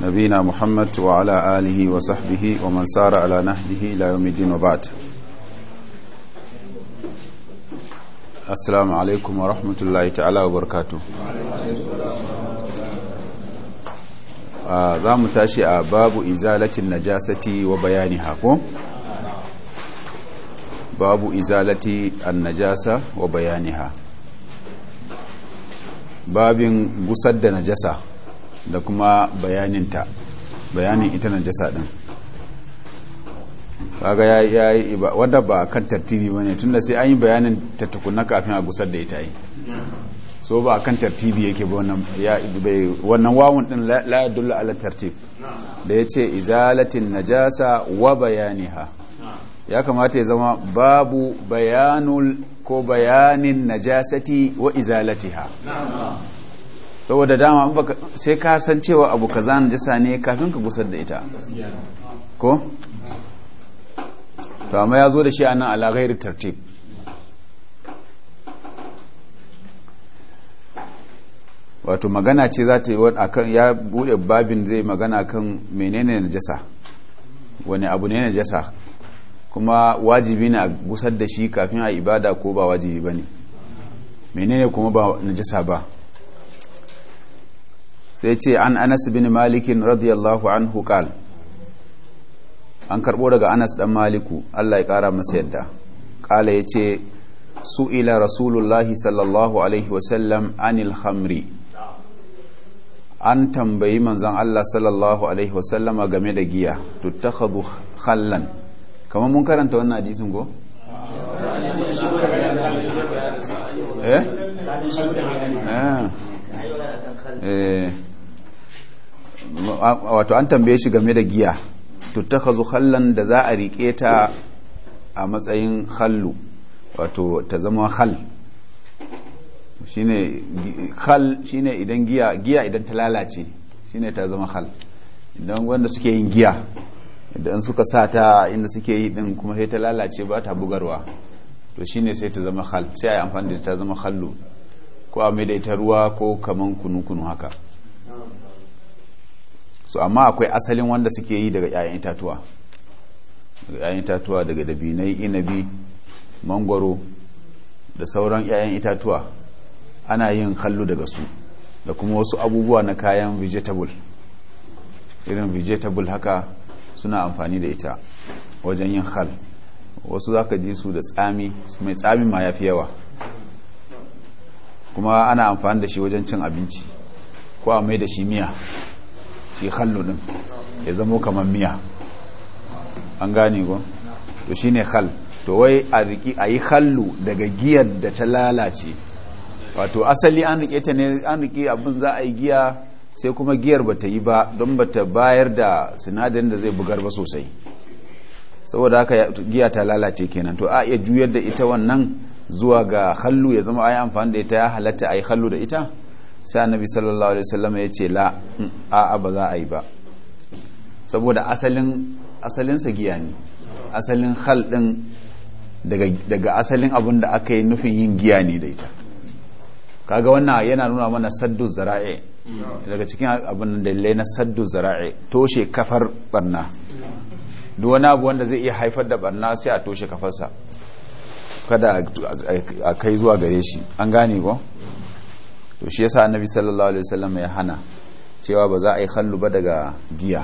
نبينا محمد وعلى آله وصحبه ومن سار على نهجه إلى يوم الدين وبعد السلام عليكم ورحمة الله تعالى وبركاته za mu tashi a babu izalatin najasati wa bayani hako babu izalati an najasa wa bayaniha babin gusar da najasa da kuma bayaninta bayanin ita na jasa ɗin kaga ya yi wadda ba kan tartibi ba ne tun sai an yi bayanin ta tukuna kafin a gusar da ita yi so ba kan tartibi yake ba wannan wawun ɗin la ala tartib da ya ce izalatin najasa wa bayaniha ya kamata ya zama babu bayanul ko bayanin najasati wa izalatiha saboda dama sai ka san cewa abu kaza jisa ne kafin ka gusar da ita ko to amma ya zo da shi a nan ala ghairi wato magana ce za ta yi akan ya bude babin zai magana kan menene na jasa wani abu ne na jasa kuma wajibi na gusar da shi kafin a ibada ko ba wajibi ba ne menene kuma ba jasa ba sai ce an anas bin malikin radiyallahu anhu hukal an karbo daga anas dan maliku Allah ya kara masa yadda ce su su'ila rasulullahi sallallahu alaihi wasallam anil khamri an tambayi manzon Allah sallallahu alaihi wasallama game da giya tuttakhadhu khallan kamar mun karanta wannan hadisin go eh eh wato an tambaye shi game da giya tuttakazu hallan da za a rike ta a matsayin hallu wato ta zama hal shine hal shine idan giya giya idan ta lalace shine ta zama hal idan wanda suke yin giya idan suka sa ta inda suke yi din kuma sai ta lalace ba ta bugarwa to shine sai ta zama hal sai a yi amfani da ta zama hallu ko a mai da ita ruwa ko kaman kunu kunu haka so amma akwai asalin wanda suke yi daga 'ya'yan itatuwa daga 'ya'yan itatuwa daga dabinai inabi mangwaro da sauran 'ya'yan itatuwa ana yin kallo daga su da kuma wasu abubuwa na kayan vegetable irin vegetable haka suna amfani da ita wajen yin hal wasu za ka ji su da tsami mai tsami ma ya fi yawa kuma ana amfani da shi wajen cin abinci ko a mai da shi miya shi hallu din ya zama kamar miya an gane ko to shine hal to wai a riki ayi yi hallu daga giyar da ta lalace wato asali an rike ta ne an rike abun za a yi giya sai kuma giyar ba ta yi ba don ba ta bayar da sinadarin da zai bugar ba sosai saboda haka giya ta lalace kenan to a iya juyar da ita wannan zuwa ga hallu ya zama ayi amfani da ita ya halatta a yi hallu da ita sai annabi sallallahu alaihi wasallam ya ce la mm, a'a ba za a yi ba saboda asalin asalinsa giya ne asalin hal din daga asalin abin da aka yi nufin yin giya ne da ita kaga wannan yana nuna mana saddu zara'i daga cikin abin lalle na saddu zara'i toshe kafar barna duk wani abu wanda zai iya haifar da barna sai a toshe kafarsa kada a kai zuwa gare shi an gane ba. to shi yasa annabi sallallahu alaihi wasallam ya hana cewa ba za a yi khallu ba daga giya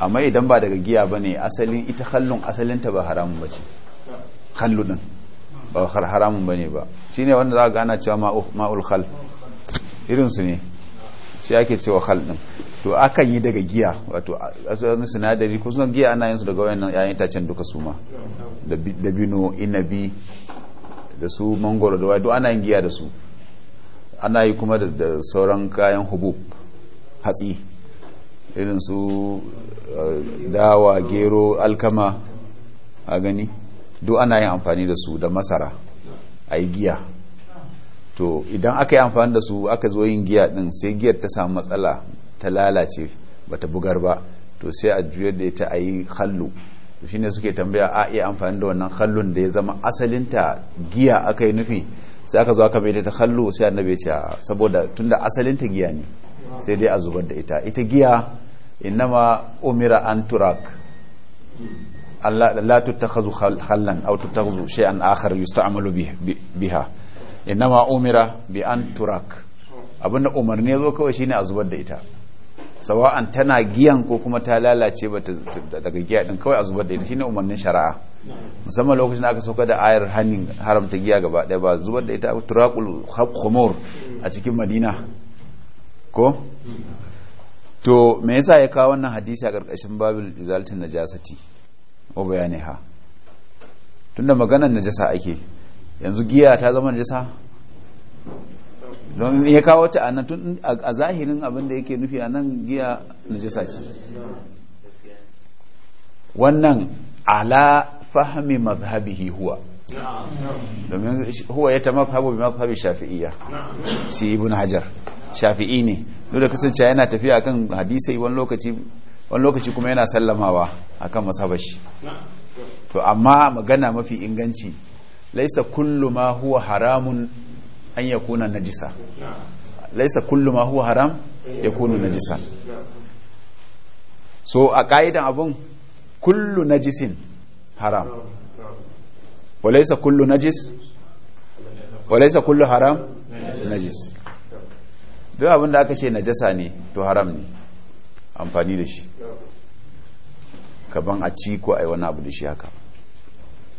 amma idan ba daga giya bane asalin ita khallun asalinta ba haramun bace khallu din ba har haramun bane ba shine wanda za ka gana cewa ma'u ma'ul khal irin su ne shi ake cewa khal din to aka yi daga giya wato asalin sinadari ko sunan giya ana yin su daga wayannan yayin can duka su ma da bino inabi da su mangoro da wai duk ana yin giya da su ana yi kuma da sauran kayan hubu hatsi irin su eh, dawa gero alkama a gani duk ana yin amfani da su da masara a yi giya to idan aka yi amfani da su aka zo yin giya din sai giyar ta samu matsala ta lalace bata bugar ba to sai a juyar da ta a yi hallu shine suke tambaya a iya amfani da wannan hallun da ya zama asalinta giya aka yi nufi sai aka zo aka mai ta kallo sai annabi ya ce saboda tunda asalin ta giya ne sai dai a zubar da ita ita giya innama umira an turak la tuttakhazu khallan aw tuttakhazu shay'an akhar yusta'malu biha innama umira bi an turak abinda umarni ya zo kawai shine a zubar da ita sawa'an tana giyan ko kuma ta lalace ba daga giya din kawai a zubar da ita shine umarnin shari'a musamman lokacin da aka sauka da ayar hannun haramta giya gaba daya ba zubar da ita turakul khumur a cikin madina ko to me yasa ya kawo wannan hadisi a karkashin babul izalatin najasati ko bayaniha tunda maganar najasa ake yanzu giya ta zama najasa don ya kawo ta a a zahirin abin da yake nufi a nan giya najasa ce wannan ala fahimi mazhabihi huwa domin huwa ya ta mafhabu bi shafi'iyya shi ibn hajar shafi'i ne dole kasance yana tafiya akan hadisai wani lokaci kuma yana sallamawa akan mazhabar shi to amma magana mafi inganci laisa kullu ma huwa haramun an yakuna najisa laisa kullu ma huwa haram kuna najisa so a ƙa'idan abun kullu najisin haram wa laisa kullu najis wa laisa kullu haram najis duk abin da aka ce najasa ne to haram ne amfani da shi kaban a ci ko a yi wani abu da shi haka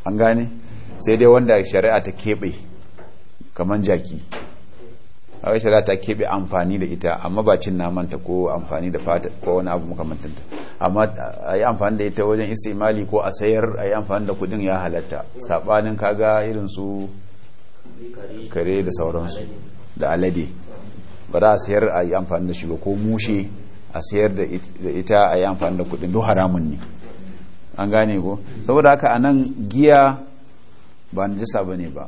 an gane sai dai wanda shari'a ta keɓe kamar jaki Aisha za ta keɓe amfani da ita amma ba cin namanta ko amfani da fata ko wani abu makamantanta amma a yi amfani da ita wajen istimali ko a sayar a yi amfani da kudin ya halatta saɓanin kaga irin su kare da sauransu da alade ba za a sayar a yi amfani da shiga ko mushe a sayar da ita a yi amfani da kudin duk haramun ne an gane ko saboda haka a nan giya ba jisa ba ne ba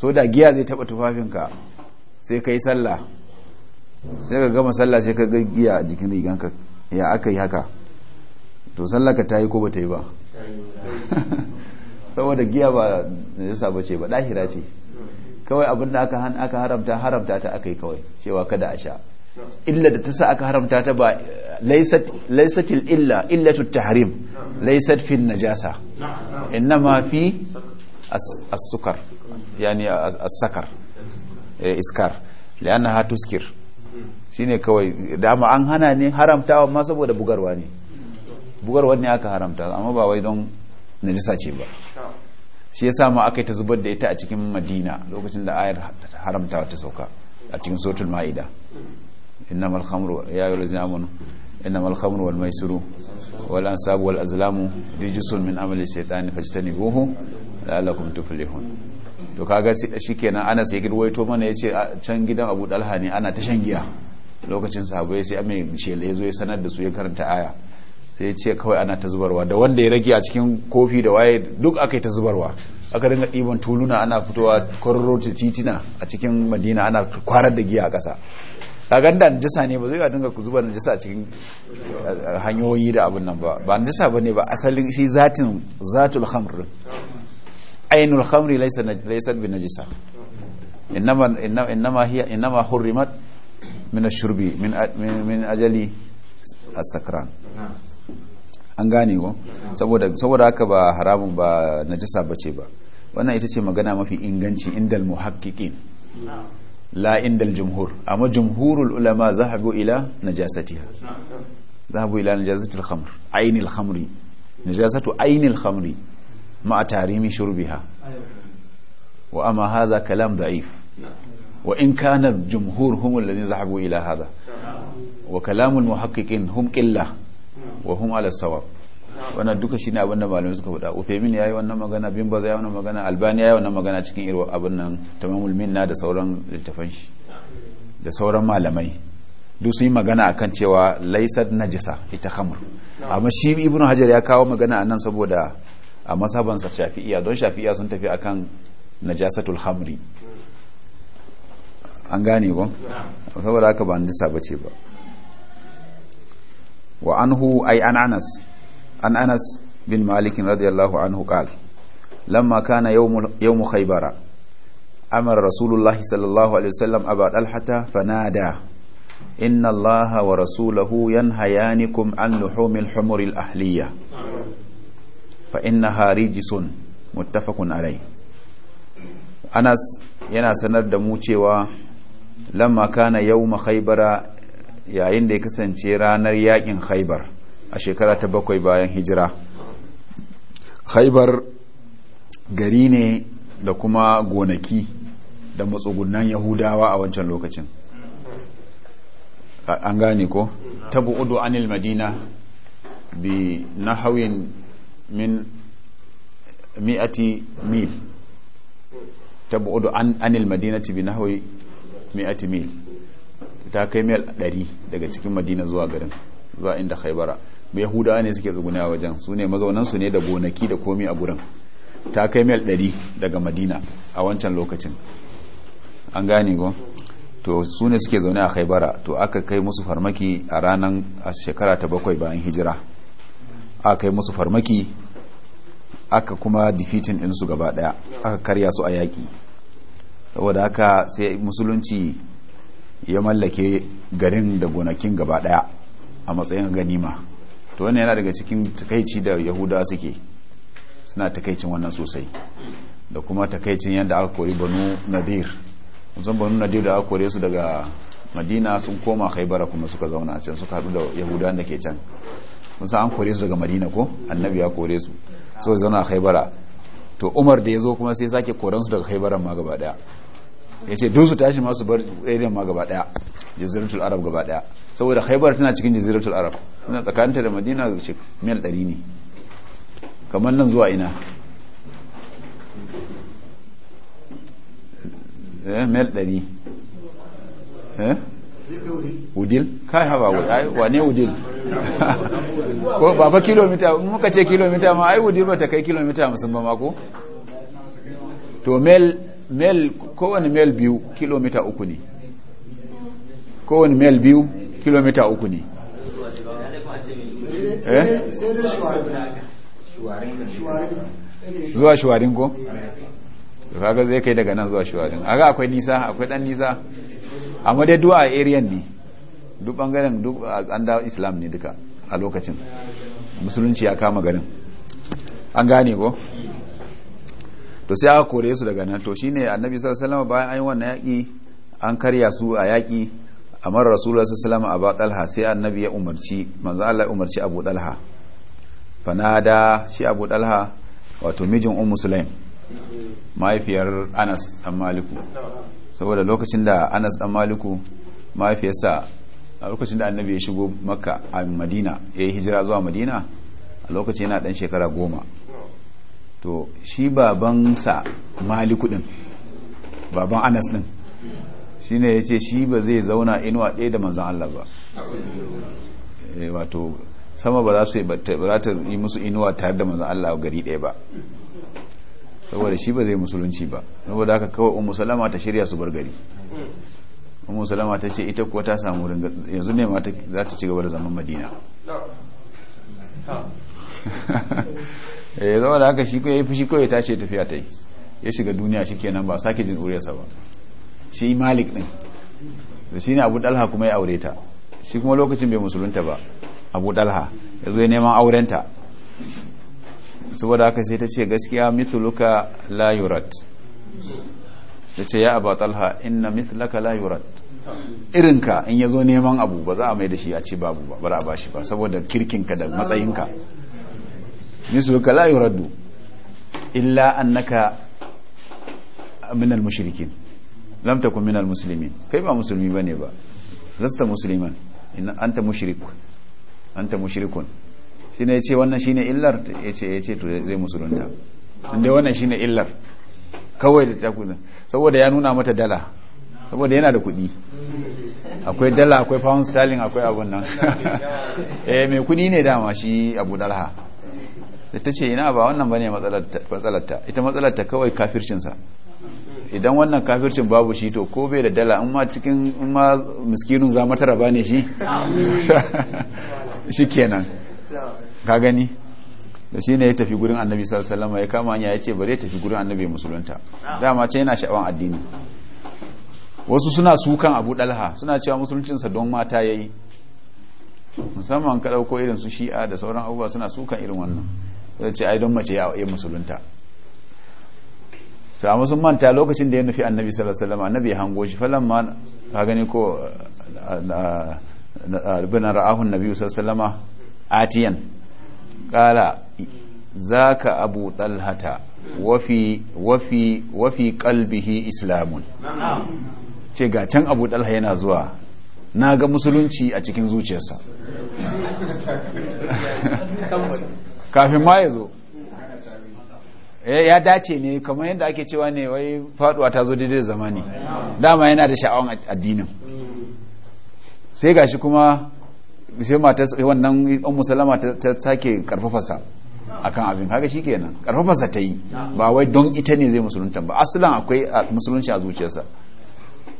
so da giya zai taba tufafinka sai ka yi sallah sai ka gama sallah sai ka ga giya a jikin riganka ya aka yi haka to sallaka ka ta yi ko ba ta yi ba saboda giya ba ya ba ce ba ɗahira ce kawai abinda aka haramta haramta ta aka yi kawai cewa kada a sha illa da ta sa aka haramta ta ba laisatil illa illa tahrim laisat fin najasa innama fi as-sukar yani as-sakar iskar ha tuskir shine kawai dama an hana ne haramtawa ma saboda bugarwa ne bugarwa ne aka haramta amma ba wai don najisa ce ba shi yasa ma aka yi ta zubar da ita a cikin madina lokacin da ayar haramtawa ta sauka a cikin sotul ma'ida innamal khamru ya yi razina mun innamal khamru wal maisiru wal ansabu wal azlamu rijisun min amali shaytani fajtanibuhu la'allakum tuflihun to kaga shikenan Anas ya girwaito mana ya ce can gidan Abu Dalha ne ana ta shangiya giya lokacin ya sai mai ya zo ya sanar da su ya karanta aya sai ya ce kawai ana ta zubarwa da wanda ya rage a cikin kofi da waye duk aka yi ta zubarwa aka dinga ɗiban tuluna ana fitowa kwararrota titina a cikin madina ana kwarar da giya a ƙasa kagan da najasa ne ba zai dinga ku zuba najasa a cikin eh, hanyoyi da abin nan ba ba najasa ba ne ba asalin shi zatin zatul hamr ainul khamri laysa laysa bi najisa innama innama hiya innama hurrimat min ash min min ajali as-sakran an gane ko saboda saboda haka ba haramun ba najasa bace ba wannan ita ce magana mafi inganci indal muhakkikin la indal jumhur amma jumhurul ulama zahabu ila najasatiha zahabu ila najasati khamr ayn khamri najasatu ayn khamri مع تحريم شربها وأما هذا كلام ضعيف وإن كان الجمهور هم الذين ذهبوا إلى هذا وكلام المحققين هم قلة وهم على الصواب wannan duka shine abin da malamai suka faɗa ya yi wannan magana bin Baz ya wannan magana Albani yi wannan magana cikin irwa abin nan Tamamul Minna da sauran littafan shi da sauran malamai duk sun yi magana kan cewa laisar najisa ita khamr amma shi Ibn Hajar ya kawo magana a nan saboda a masabansa shafi'iya don shafi'iya sun tafi akan najasatul hamri an gane ba saboda haka ba nisa bace ba wa anhu ay an anas an anas bin malik radiyallahu anhu qal lamma kana yawm yawm khaybara amara rasulullah sallallahu alaihi wasallam aba dalhata fanada inna allaha wa rasulahu yanhayanikum an luhumil humuril ahliya. fa innaha rijsun muttafaqun alai Anas yana sanar da mu cewa lamma kana yawma khaybara yayin da ya kasance ranar yakin khaybar a shekara ta bakwai bayan hijira khaybar gari ne da kuma gonaki da matsugunan yahudawa a wancan lokacin an gane ko tabu udu anil madina bi nahawin min مئة mil تبعد an anil madinati bi nahwi mi'ati mil ta kai mil 100 daga cikin madina zuwa garin zuwa inda khaybara bai yahudawa ne suke tsuguna wajen su ne mazaunan su ne da gonaki da komi a gurin ta kai mil 100 daga lokacin an to sune suke zaune a khaibara to aka kai musu farmaki a ranar a shekara ta bakwai bayan hijira aka kai musu farmaki aka kuma defeating din su gaba daya aka karya su a yaki saboda haka sai musulunci ya mallake garin da gonakin gaba daya a matsayin ganima to wannan yana daga cikin takaici da yahudawa suke suna takaicin wannan sosai da kuma takaicin yadda aka kori banu nadir musan banu nadir da aka kore su daga madina sun koma haibara kuma suka zauna can suka haɗu da yahudawan da ke can musan an kore su daga madina ko annabi ya kore su so zana a haibara to umar da ya zo kuma sai sake su daga haibaran ma gaba daya ya ce duk su tashi masu bar irin ma gaba daya jaziratul arab gaba daya saboda haibar tana cikin jaziratul arab tana tsakaninta da madina ce mil ɗari ne kamar nan zuwa ina eh, mil ɗari eh? udil kai haba ai wane udil ko baba kilomita muka ce kilomita ma ai udil bata kai kilomita 50 ba ma ko to mel mel kowane mel biyu kilomita uku ne kowane mel biyu kilomita uku ne eh zuwa shuwarin ko kaga zai kai daga nan zuwa shuwarin aga akwai nisa akwai dan nisa amma dai du'a a area ne duk bangaren duk an da islam ne duka a lokacin musulunci ya kama garin an gane ko to sai aka kore su daga nan to shine annabi sallallahu alaihi wasallam bayan an yi wannan yaki an karya su a yaki amma rasulullahi sallallahu alaihi wasallam a sai annabi ya umarci manzo Allah ya umarci abu talha fanada shi abu talha wato mijin ummu sulaim mahaifiyar anas dan maliku saboda lokacin da anas dan maliku mahaifiyarsa a lokacin da annabi ya shigo makka a madina ya yi hijira zuwa madina a lokacin yana dan shekara goma to shi babansa maliku din baban anas din shi ne ya ce shi ba zai zauna inuwa ɗaya da manzan Allah ba eh, wato sama ba za su yi musu inuwa tare da manzan Allah gari ɗaya ba saboda shi ba zai musulunci ba saboda haka kawai ummu salama ta shirya su bar gari ummu salama ta ce ita kuwa ta samu ringa yanzu ne mata za ta ci gaba da zaman madina eh zama da haka shi ko yayi fushi ko ta ce tafiya ta yi ya shiga duniya shi kenan ba sake jin uriyarsa ba shi malik din da shi ne abu dalha kuma ya aure ta shi kuma lokacin bai musulunta ba abu dalha ya zo neman aurenta saboda haka sai ta ce gaskiya mituluka la yurad ta ce ya abu talha inna mitulaka la yurad irinka in ya zo neman abu ba za a mai da shi a ce babu ba bara ba shi ba saboda kirkinka da matsayinka mitluka la yuraddu illa annaka naka. al-mushrikin lam takun minal muslimin kai ba musulmi bane ba zasta musliman in anta mushrik anta mushrikun shi ne ya ce wannan shi ne illar ya ce ya ce to zai musulunta inda wannan shi ne illar kawai da takunan saboda ya nuna mata dala saboda yana da kudi akwai dala akwai pound sterling akwai abun nan eh mai kudi ne dama shi abu dalha da ta ce ina ba wannan bane matsalarta ita matsalarta kawai kafircinsa idan wannan kafircin babu shi to ko bai da dala in ma cikin in ma miskinun za mata raba ne shi shi kenan ka gani da shi ne ya tafi gurin annabi sallallahu ya kama hanya ya ce bare tafi gurin annabi musulunta dama ce yana sha'awan addini wasu suna sukan abu dalha suna cewa musuluncinsa don mata yayi musamman ka dauko irin su shi'a da sauran abubuwa suna sukan irin wannan sai ce ai don mace ya yi musulunta to amma sun manta lokacin da ya nufi annabi sallallahu alaihi wasallam annabi hango shi falan ma ka gani ko bin ra'ahu annabi sallallahu alaihi wasallama atiyan za zaka abu talhata wafi wafi islamun ce ga can abu talha yana zuwa na ga musulunci a cikin zuciyarsa kafin ma ya zo ya dace ne kamar yadda ake cewa ne wai faduwa ta zo daidai zamani dama yana da sha'awan addinin sai gashi kuma sai mata wannan ummu salama ta sake a akan abin haka shikenan karfafasa ta yi ba wai don ita ne zai musulunta ba aslan akwai musulunci a zuciyarsa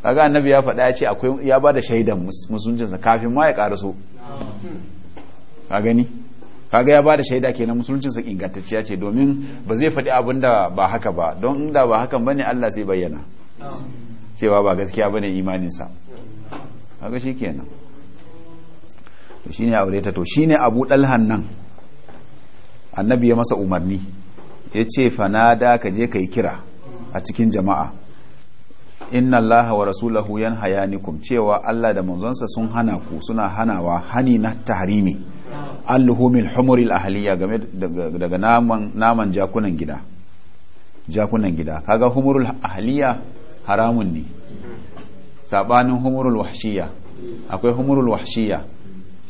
kaga annabi ya faɗa ya ce akwai ya ba da shaidan musuluncinsa kafin ma ya karaso ka gani kaga ya ba da shaida kenan musuluncinsa ingantacciya ce domin ba zai faɗi abin da ba haka ba don inda ba hakan bane Allah sai bayyana cewa ba gaskiya bane imaninsa kaga shikenan to shine aure ta to shine Abu Dalhan nan annabi ya masa umarni ya yace fanada ka je kai kira a cikin jama'a inna Allah wa rasulahu yan kum cewa Allah da manzonsa sun hana ku suna hanawa hani na tahrimi alluhumil humuril ahliya game daga naman naman jakunan gida jakunan gida kaga humurul ahliya haramun ne sabanin humurul wahshiya akwai humurul wahshiya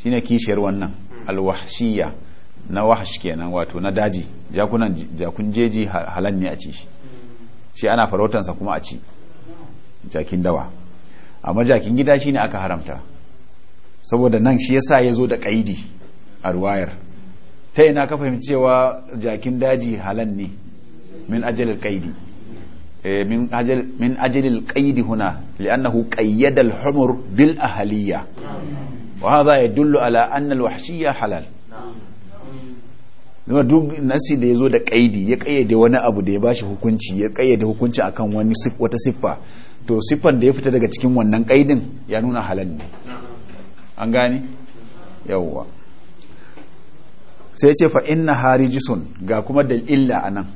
Shi ne kishiyar wannan alwashiya na wahash kenan wato na daji jakun jeji halan ne a ci shi shi ana farautansa kuma a ci jakin dawa amma jakin gida shi ne aka haramta saboda nan shi yasa ya zo da kaidi a ruwayar ta ina ka fahimci cewa jakin daji halan ne min ajalil kaidi eh, min ajalil qaidi huna li'annahu ƙayyadal al-humur bil ahaliyya وهذا يدل على أن الوحشية حلال nuna duk nasi da ya zo da kaidi ya ƙayyade wani abu da ya bashi hukunci ya ƙayyade hukunci akan wani wata siffa to siffan da ya fita daga cikin wannan kaidin ya nuna halal ne an gane yawwa sai ce fa inna harijisun ga kuma da illa anan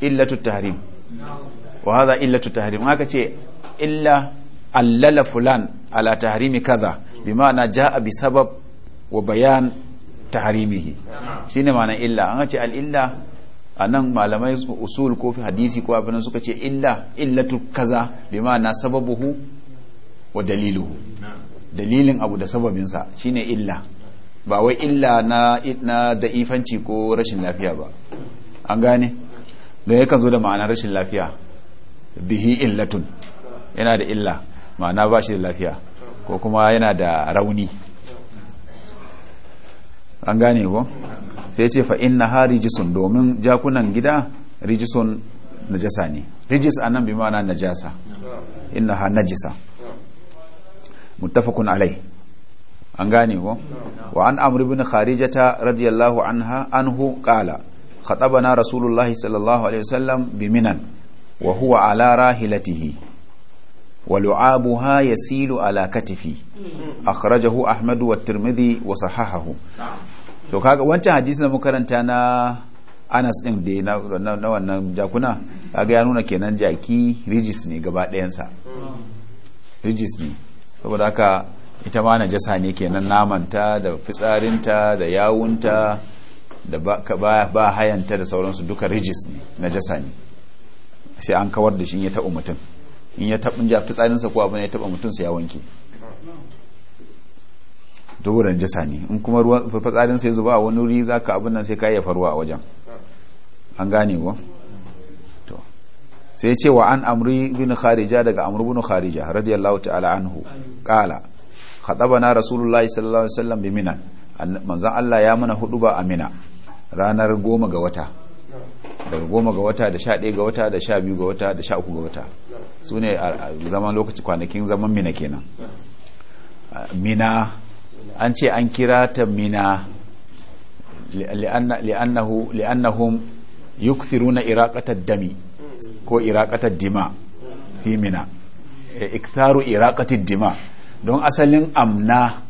illatu tahrim wa hadha illatu tahrim haka ce illa allala fulan ala tahrimi kaza bimana ja'a bi sabab wa bayan taharimihi shine ma'ana illa an ce al a nan malamai usul ko fi hadisi ko abin suka ce illa illatu kaza bima'ana sababuhu wa daliluhu dalilin abu da sababinsa shine illa ba wai illa na na da'ifanci ko rashin lafiya ba an gane da yakan zo da ma'anar rashin lafiya bihi illatun yana da illa ma'ana ba shi da lafiya ko kuma yana da rauni an gane ko sai ce fa inna ha rijisun domin jakunan gida rijisun najasa ne rijis nan bi na najasa inna ha najisa muttafaqun alai an gane ko wa an amri bin kharijata radiyallahu anha anhu qala khatabana rasulullahi sallallahu alaihi wasallam biminan wa huwa ala rahilatihi ولعابها يسيل على كتفي أخرجه أحمد والترمذي وصححه to kaga wancan hadisi na makaranta na Anas din da na na wannan jakuna kaga ya nuna kenan jaki rigis ne gaba ɗayansa rigis ne saboda haka ita ma jasa ne kenan namanta da fitsarinta da yawunta da ba hayanta da sauransu duka rigis ne na jasa ne sai an kawar da shi ya ta’u mutum in ya taɓin ja fitsarinsa ko abin ya taɓa mutunsa ya wanke saboda jisa ne in kuma ruwan fitsarinsa ya zuba a wani wuri za ka abin nan sai ka yi faruwa a wajen an gane wa to sai ce wa an amri bin kharija daga amru bin kharija radiyallahu ta'ala anhu qala khatabana rasulullahi sallallahu alaihi wasallam bi mina manzon Allah ya mana huɗuba a mina ranar goma ga wata daga goma ga wata da sha ɗaya ga wata da sha biyu ga wata da sha uku ga wata su ne a zaman lokaci kwanakin zaman mina kenan mina an ce an kira ta mina li'annahum na iraƙatar dami ko iraƙatar dima fi mina e, iktaru iraƙatar dima don asalin amna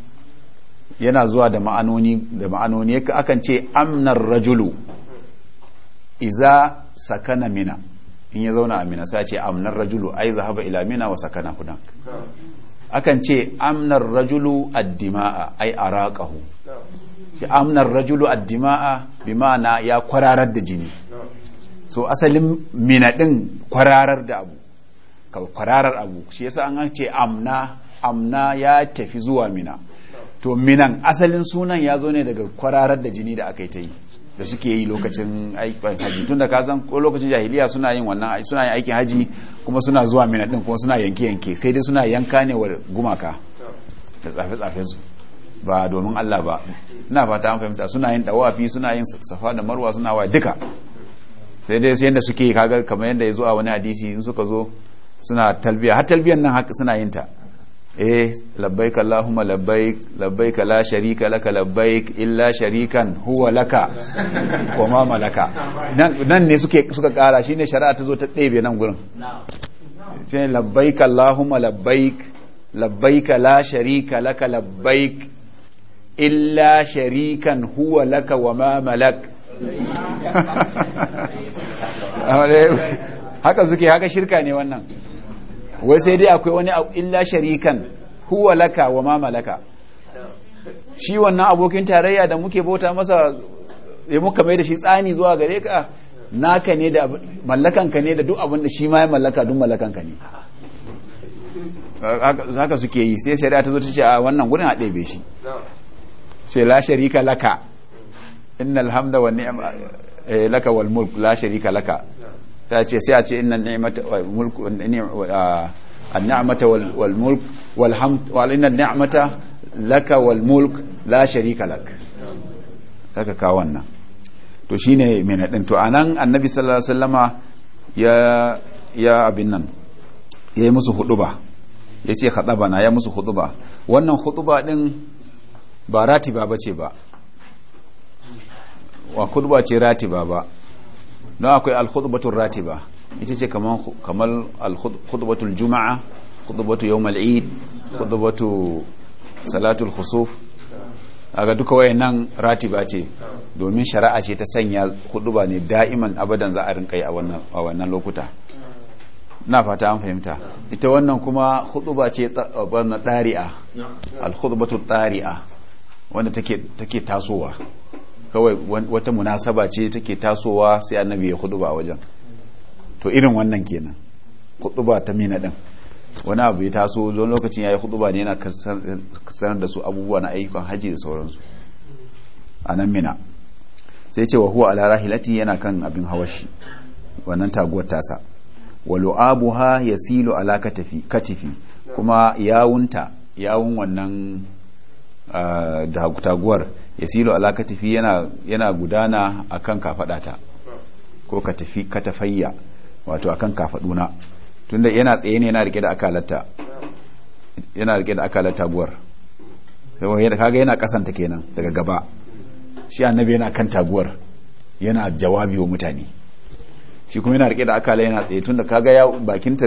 yana zuwa da ma'anoni da ma'anoni akan ce amnar rajulu iza sakana mina in ya zauna a mina sai ce amnar rajulu ai zahaba ila mina wa sakana akan ce amnar rajulu addima'a ai araqahu shi amnar rajulu addima'a bi ma'ana ya kwararar da jini so asalin mina din kwararar da abu kwararar abu shi yasa an ce amna amna ya tafi zuwa mina to minan asalin sunan ya zo ne daga kwararar da jini da aka yi ta yi da suke yi lokacin aikin haji tun da ka san ko lokacin jahiliya suna yin wannan suna yin aikin haji kuma suna zuwa mina din kuma suna yanke yanke sai dai suna yanka ne wa gumaka da tsafe tsafe ba domin Allah ba ina fata an fahimta suna yin dawafi suna yin safa da marwa suna wa duka sai dai yanda suke kaga kamar yanda ya zo a wani hadisi in suka zo suna talbiya har talbiyan nan suna yin ta eh labbaik allahumma labbaik labbaik la sharika laka labbaik illa sharikan huwa laka wa malaka nan ne suke suka kara shine shari'a ta zo ta ɗebe nan gurin sai labbaik allahumma labbaik labbaik la sharika laka labbaik illa sharikan huwa laka wa ma malak haka suke haka shirka ne wannan wai sai dai akwai wani illa sharikan huwa laka wa ma malaka shi wannan abokin tarayya da muke bauta masa ya muka mai da shi tsani zuwa gare ka naka ne da mallakanka ne da duk abin shi ma ya mallaka duk mallakanka ne haka suke yi sai shari'a ta zo ta ce a wannan gurin a ɗebe shi sai la sharika laka innal hamda wa eh, laka wal mulk la sharika laka ta ce sai a ce inna ni'mata wal mulku an-ni'mata wal mulk wal hamd wal inna ni'mata laka wal mulk la sharika lak saka ka wannan to shine mai din to anan annabi sallallahu alaihi wasallama ya ya abin nan yayi musu huduba yace na ya musu huduba wannan huduba din ba ratiba bace ba wa huduba ce ratiba ba don akwai al ratiba ita ce kamar kamar juma'a khutbatu yawm al-eid khutbatu salatul khusuf aga duka wayannan ratiba ce domin shari'a ce ta sanya khutba ne da'iman abadan za a rinkai a wannan lokuta na fata an fahimta ita wannan kuma khutba ce na dari'a al dari'a wanda take tasowa kawai wata munasaba ce take tasowa sai annabi ya kuduba a wajen to irin wannan kenan kuduba ba ta mina din wani abu ya taso don lokacin ya yi ba ne yana sanar da su abubuwa na ayyukan haji da sauransu a nan mina sai ce wa huwa ala rahilati yana kan abin hawashi wannan taguwar tasa wa lu'abuha yasilu ala katifi katifi kuma yawunta yawun wannan ah, taguwar yasilu ala katifi yana yana gudana akan kafadata ko katifi katafayya wato akan kafaduna tunda yana tsaye ne yana rike da akalata yana rike da akalata guwar saboda kaga yana kasanta kenan daga gaba shi annabi yana kan taguwar yana jawabi wa mutane shi kuma yana rike da akala yana tsaye tunda kaga ya bakinta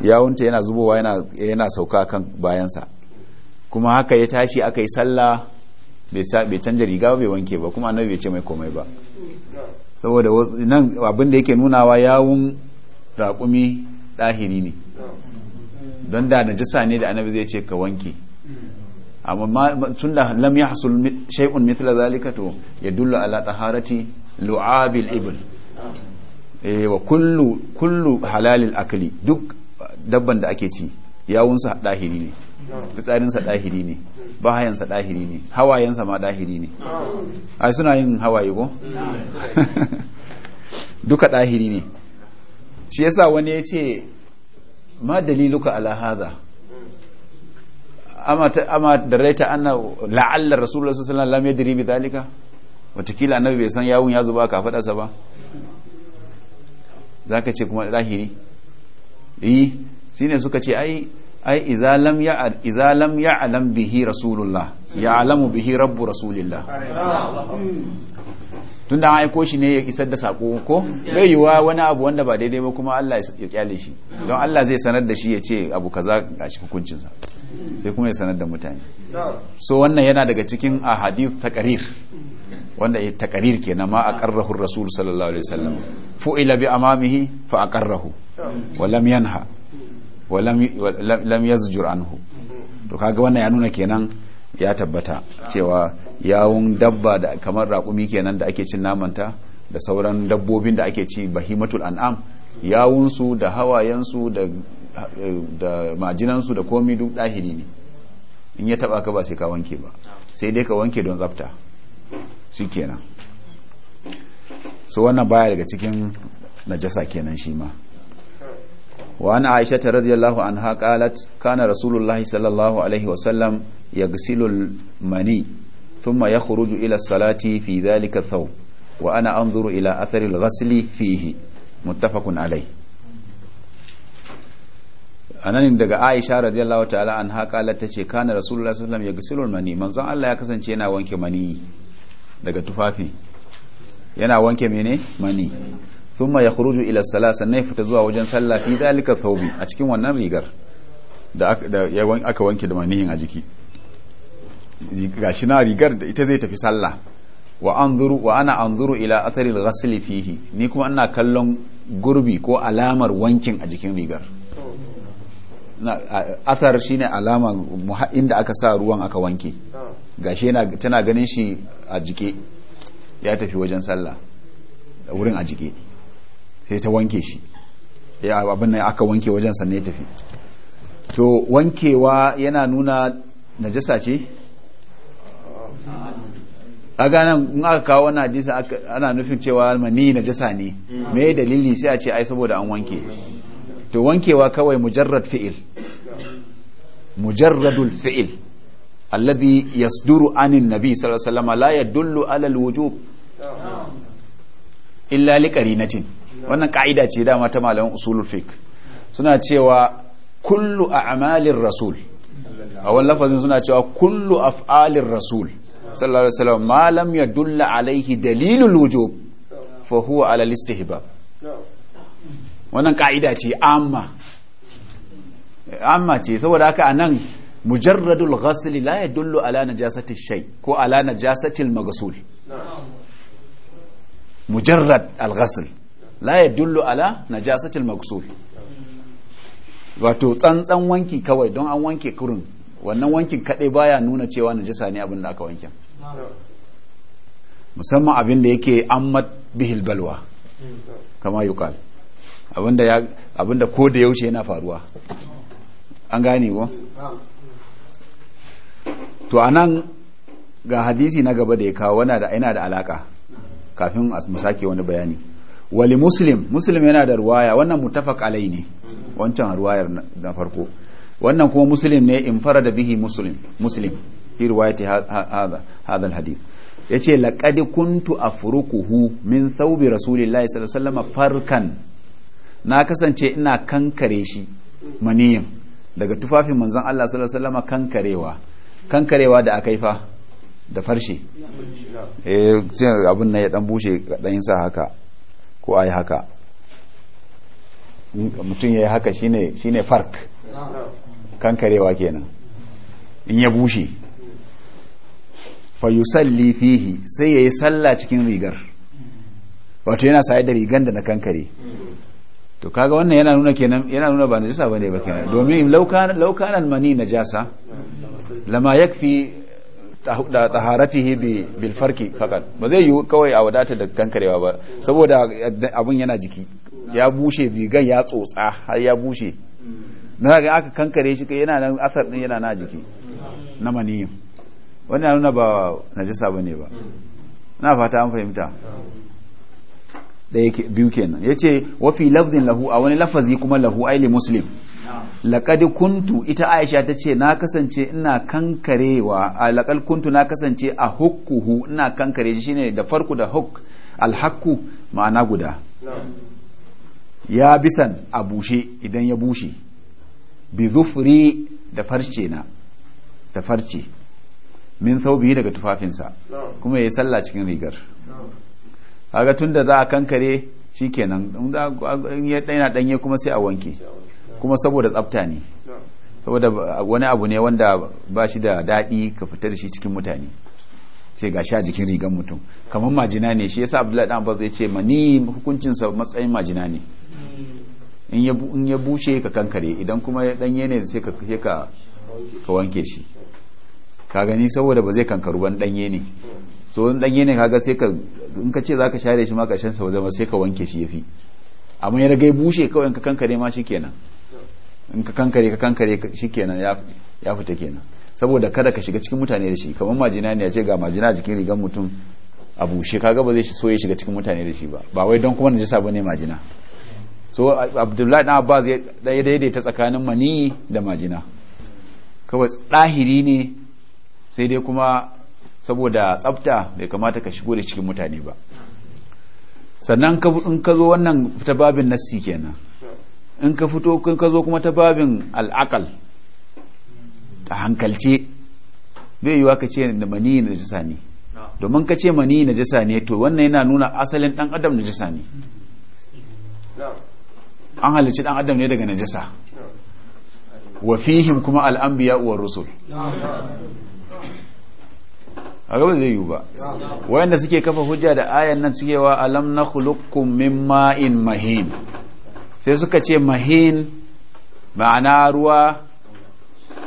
yawunta yana zubowa yana yana sauka kan bayansa kuma haka ya tashi aka yi sallah bai canja riga bai wanke ba kuma annabi bai ce mai komai ba saboda nan abin da yake nunawa yawun raƙumi ɗahiri ne don da najasa ne da annabi zai ce ka wanke amma tun da lam ya hasul shay'un mithla zalika to yadullu ala taharati lu'abil ibl eh wa kullu kullu halalil akli duk dabban da ake ci yawunsa ɗahiri ne fitsarinsa ɗahiri ne bahayensa ɗahiri ne hawayensa ma ɗahiri ne ai suna yin hawaye ko duka ɗahiri ne shi yasa wani ya ce ma daliluka ala hadha Amma da raita ana la'alla rasulullah sallallahu alaihi wasallam yadri bi dalika watakila annabi bai san yawun ya zuba ka fada sa ba zaka ce kuma zahiri eh shine suka ce ai ai izalam ya alam bihi rasulullah ya alamu bihi rabbu rasulillah Tunda an aiko shi ne ya isar da sako ko bai yiwa wani abu wanda ba daidai ba kuma Allah ya kyale shi don Allah zai sanar da shi ya ce abu kaza ga hukuncin hukuncinsa sai kuma ya sanar da mutane so wannan yana daga cikin ahadith taqrir wanda ya taqrir kenan ma aqarrahu rasul sallallahu alaihi wasallam fu'ila bi amamihi fa aqarrahu wa lam yanha wa lam yazjur anhu to kaga wannan ya nuna kenan ya tabbata cewa yawun dabba da kamar raƙumi kenan da ake cin namanta da sauran dabbobin da ake ci bahimatul an'am yawunsu da hawayensu da da majinansu da komi duk ɗahiri ne in ya taba ka ba sai ka wanke ba sai dai ka wanke don tsafta shi kenan so wannan baya daga cikin najasa kenan shi ma وعن عائشة رضي الله عنها قالت كان رسول الله صلى الله عليه وسلم يغسل المني ثم يخرج إلى الصلاة في ذلك الثوب وأنا أنظر إلى أثر الغسل فيه متفق عليه anan daga Aisha radiyallahu ta'ala anha qalat tace kana Rasulullahi sallallahu alaihi wasallam yaghsilu mani manzon Allah ya kasance yana wanke mani daga tufafi yana wanke mene mani ثم يخرج ila الثلاثه sannan ya fita zuwa wajen sallah fi dalika thawbi a cikin wannan rigar da aka wanke da manihin a jiki gashi na rigar da ita zai tafi sallah wa anzuru wa ana anzuru ila athari al fihi ni kuma ina kallon gurbi ko alamar wankin a jikin rigar athar shine alama inda aka sa ruwan aka wanke gashi yana tana ganin shi a jike ya tafi wajen sallah wurin a jike sai ta wanke shi ya abin nan aka wanke wajen sanne ya tafi to wankewa yana nuna najasa ce a ganin in aka kawo wannan hadisi ana nufin cewa mani najasa ne me dalili sai a ce ai saboda an wanke to wankewa kawai mujarrad fi'il mujarradul fi'il alladhi yasduru anin nabi sallallahu alaihi wasallam la yadullu ala alwujub illa liqarinatin wannan ka'ida ce dama ta malaman usulul fiqh suna cewa kullu a'malir rasul a wannan lafazin suna cewa kullu af'alir rasul sallallahu alaihi wasallam ma lam yadulla alaihi dalilul wujub fa huwa ala istihbab wannan ka'ida ce amma amma ce saboda haka anan mujarradul ghasl la yadullu ala najasati shay ko ala najasati al maghsul mujarrad al ghasl la dullu ala najasatil maksul wato tsantsan wanki kawai don an wanke kurun wannan wankin kaɗai baya nuna cewa na jisa ne abin da aka wanke musamman abin da yake ammat bihil balwa kama yukal abinda abinda ko da yaushe yana faruwa an gane ko to anan ga hadisi na gaba da ya kawo wana da yana da alaka kafin mu sake wani bayani wali muslim muslim yana da ruwaya wannan mutafaq alai ne wancan ruwayar na farko wannan kuma muslim ne in fara da bihi muslim muslim fi ruwayati hadha hadha yace laqad kuntu afruquhu min thawbi rasulillahi sallallahu alaihi wasallam farkan na kasance ina kankare shi maniyin daga tufafin manzon Allah sallallahu alaihi wasallam kankarewa kankarewa da akai fa da farshe eh abun nan ya dan bushe dan sa haka ko a yi haka mutum ya yi haka shine fark kankarewa kenan in ya bushe fayusalli fihi sai ya yi sallah cikin rigar wato yana sayar da rigar da na kankare to kaga wannan yana nuna kenan yana nuna ba na bane ba kenan domin law kana law kana najasa lama yakfi taharatihi bil farki fakat ba zai yi kawai a wadata da kankarewa ba saboda abun yana jiki ya bushe zigan ya tsotsa har ya bushe na ga aka kankare shi yana nan asar din yana na jiki na maniyin wannan nuna ba najasa bane ba na fata an fahimta da yake biyu kenan yace wa fi lafdin lahu a wani lafazi kuma lahu aili muslim laƙadi kuntu ita aisha ta ce na kasance ina kankarewa a laƙal kuntu na kasance a hukuhu ina kankare shi ne da farko da huk alhaku ma'ana guda ya bisan a bushe idan ya bushe bi zufuri da farce na da farce min biyu daga tufafinsa kuma ya yi sallah cikin rigar kaga tun da za a kankare shikenan in ya ɗanye kuma sai a wanke kuma saboda tsafta ne saboda wani abu ne wanda ba shi da daɗi ka fita da shi cikin mutane sai ga sha jikin rigan mutum kamar majina ne shi yasa abdullahi dan abbas ya ce mani hukuncinsa matsayin majina ne in ya bushe ka kankare idan kuma ya danye ne sai ka ka ka wanke shi ka gani saboda ba zai kankaru ban danye ne so in danye ne kaga sai ka in ka ce zaka share shi ma shan sa zama sai ka wanke shi yafi amma ya rage bushe kawai in ka kankare ma shikenan in ka kankare ka kankare shikenan ya ya fita kenan saboda kada ka shiga cikin mutane da shi kamar majina ne ya ce ga majina jikin rigar mutum a bushe kaga ba zai so ya shiga cikin mutane da shi ba ba wai don kuma na najasa bane majina so abdullahi dan abbas ya daidaita tsakanin mani da majina kawai ɗahiri ne sai dai kuma saboda tsafta bai kamata ka shigo da cikin mutane ba sannan in ka zo wannan fita babin nassi kenan in ka fito kun ka zo kuma ta babin al'akal ta hankalce bai yiwa ka ce da mani na jisa ne domin ka ce mani na jisa ne to wannan yana nuna asalin dan adam na jisa ne an halicci dan adam ne daga najasa wa fihim kuma al'ambiya uwar rusul a gaba zai yiwu ba wayanda suke kafa hujja da ayan nan suke wa alam na khuluqukum min ma'in mahin sai suka ce mahin ma'ana ruwa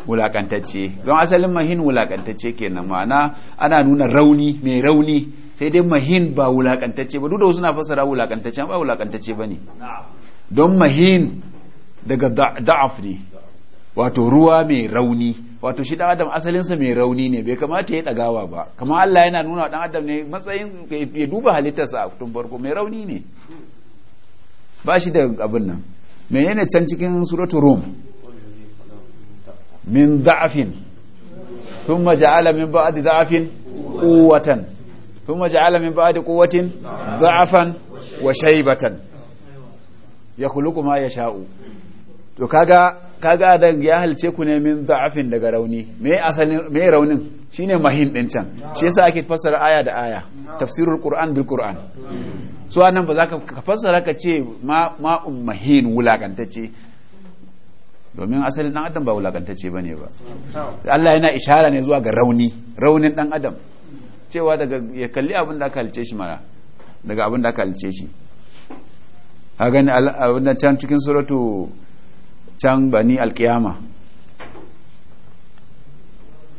wulakantacce don asalin mahin wulakantacce kenan ma'ana ana nuna rauni mai rauni sai dai mahin ba wulakantacce ba duk da suna fassara wulakantacce ba wulakantacce ne don mahin daga da'af ne wato ruwa mai rauni wato shi dan adam asalinsa mai rauni ne bai kamata ya dagawa ba kamar Allah yana nuna dan adam ne matsayin ya duba halittarsa a tun farko mai rauni ne ba shi da abin nan menene can cikin suratun rum min da'afin thumma ja'ala min ba'di da'afin quwwatan alamin ba min ba'di quwwatin da'afan wa kulu kuma ma sha'u to kaga kaga dan ya halce ku ne min da'afin daga rauni me raunin shine mahim din can shi yasa ake fassara aya da aya tafsirul kur'an bil qur'an su nan ba za ka fassara ka ce ma mahin wulakantacce domin asalin dan adam ba wulakantacce ba ne ba Allah yana ishara ne zuwa ga rauni raunin dan adam cewa daga ya kalli abin da aka halice shi mara daga abin da aka halice shi a gani abin da can cikin suratu can bani alkiyama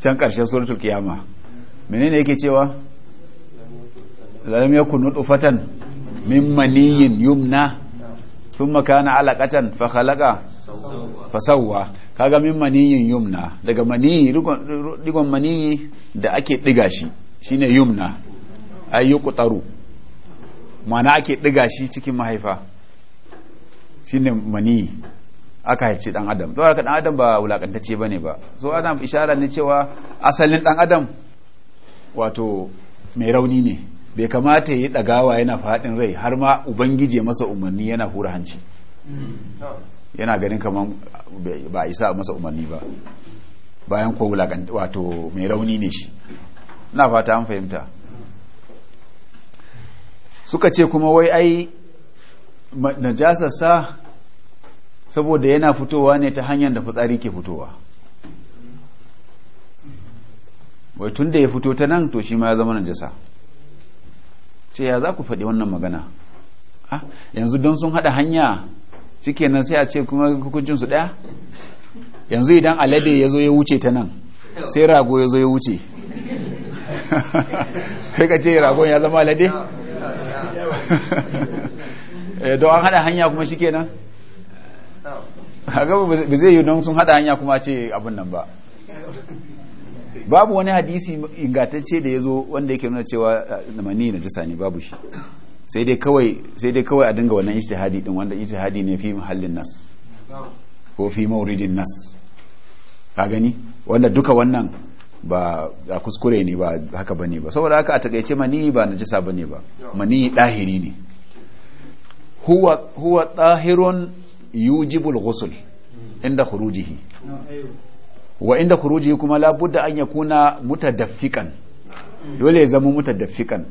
can ƙarshen suratu kiyama menene yake cewa ya kunu tufatan min maniyin yumna sun kana alaqatan fa khalaqa fa kaga min maniyin yumna daga maniyi digon maniyi da ake diga shi shine yumna ay yuqtaru mana ake diga shi cikin mahaifa shine maniyi aka haifci dan adam to haka dan adam ba wulakantacce bane ba so adam isharar ne cewa asalin dan adam wato mai rauni ne bai kamata ya yi ɗagawa yana faɗin rai har ma ubangiji masa umarni yana hura hanci yana ganin kamar ba a isa masa umarni ba bayan ko wato mai rauni ne shi na fata an fahimta suka ce kuma wai ai najasarsa saboda yana fitowa ne ta hanyar da fitsari ke fitowa wai tun da ya fito ta nan to shi ma ya zama najasa ce ya za ku faɗi wannan magana ah, yanzu don sun haɗa hanya nan sai a ce kuma hukuncin su ɗaya yanzu idan alade ya zo ya wuce ta nan sai rago ya zo ya wuce sai ka ce ragon ya zama alade eh, don an haɗa hanya kuma shi kenan haka ba zai yi don sun haɗa hanya kuma ce abin nan ba babu wani hadisi ingantacce da ya zo wanda yake nuna cewa eh, mani na jisa ne babu shi sai dai kawai a dinga wannan ijtihadi din wanda ijtihadi ne fi muhallin nas ko fi mauridin nas ka gani wanda duka wannan ba a kuskure ne ba haka bane ba saboda haka a takaice mani ba najasa bane ba mani ɗahiri ne huwa huwa dahirun yujibul ghusl inda khurujihi wa inda kuruji kuma labudda an ya kuna mutadaffiƙan dole ya zama mutadaffiƙan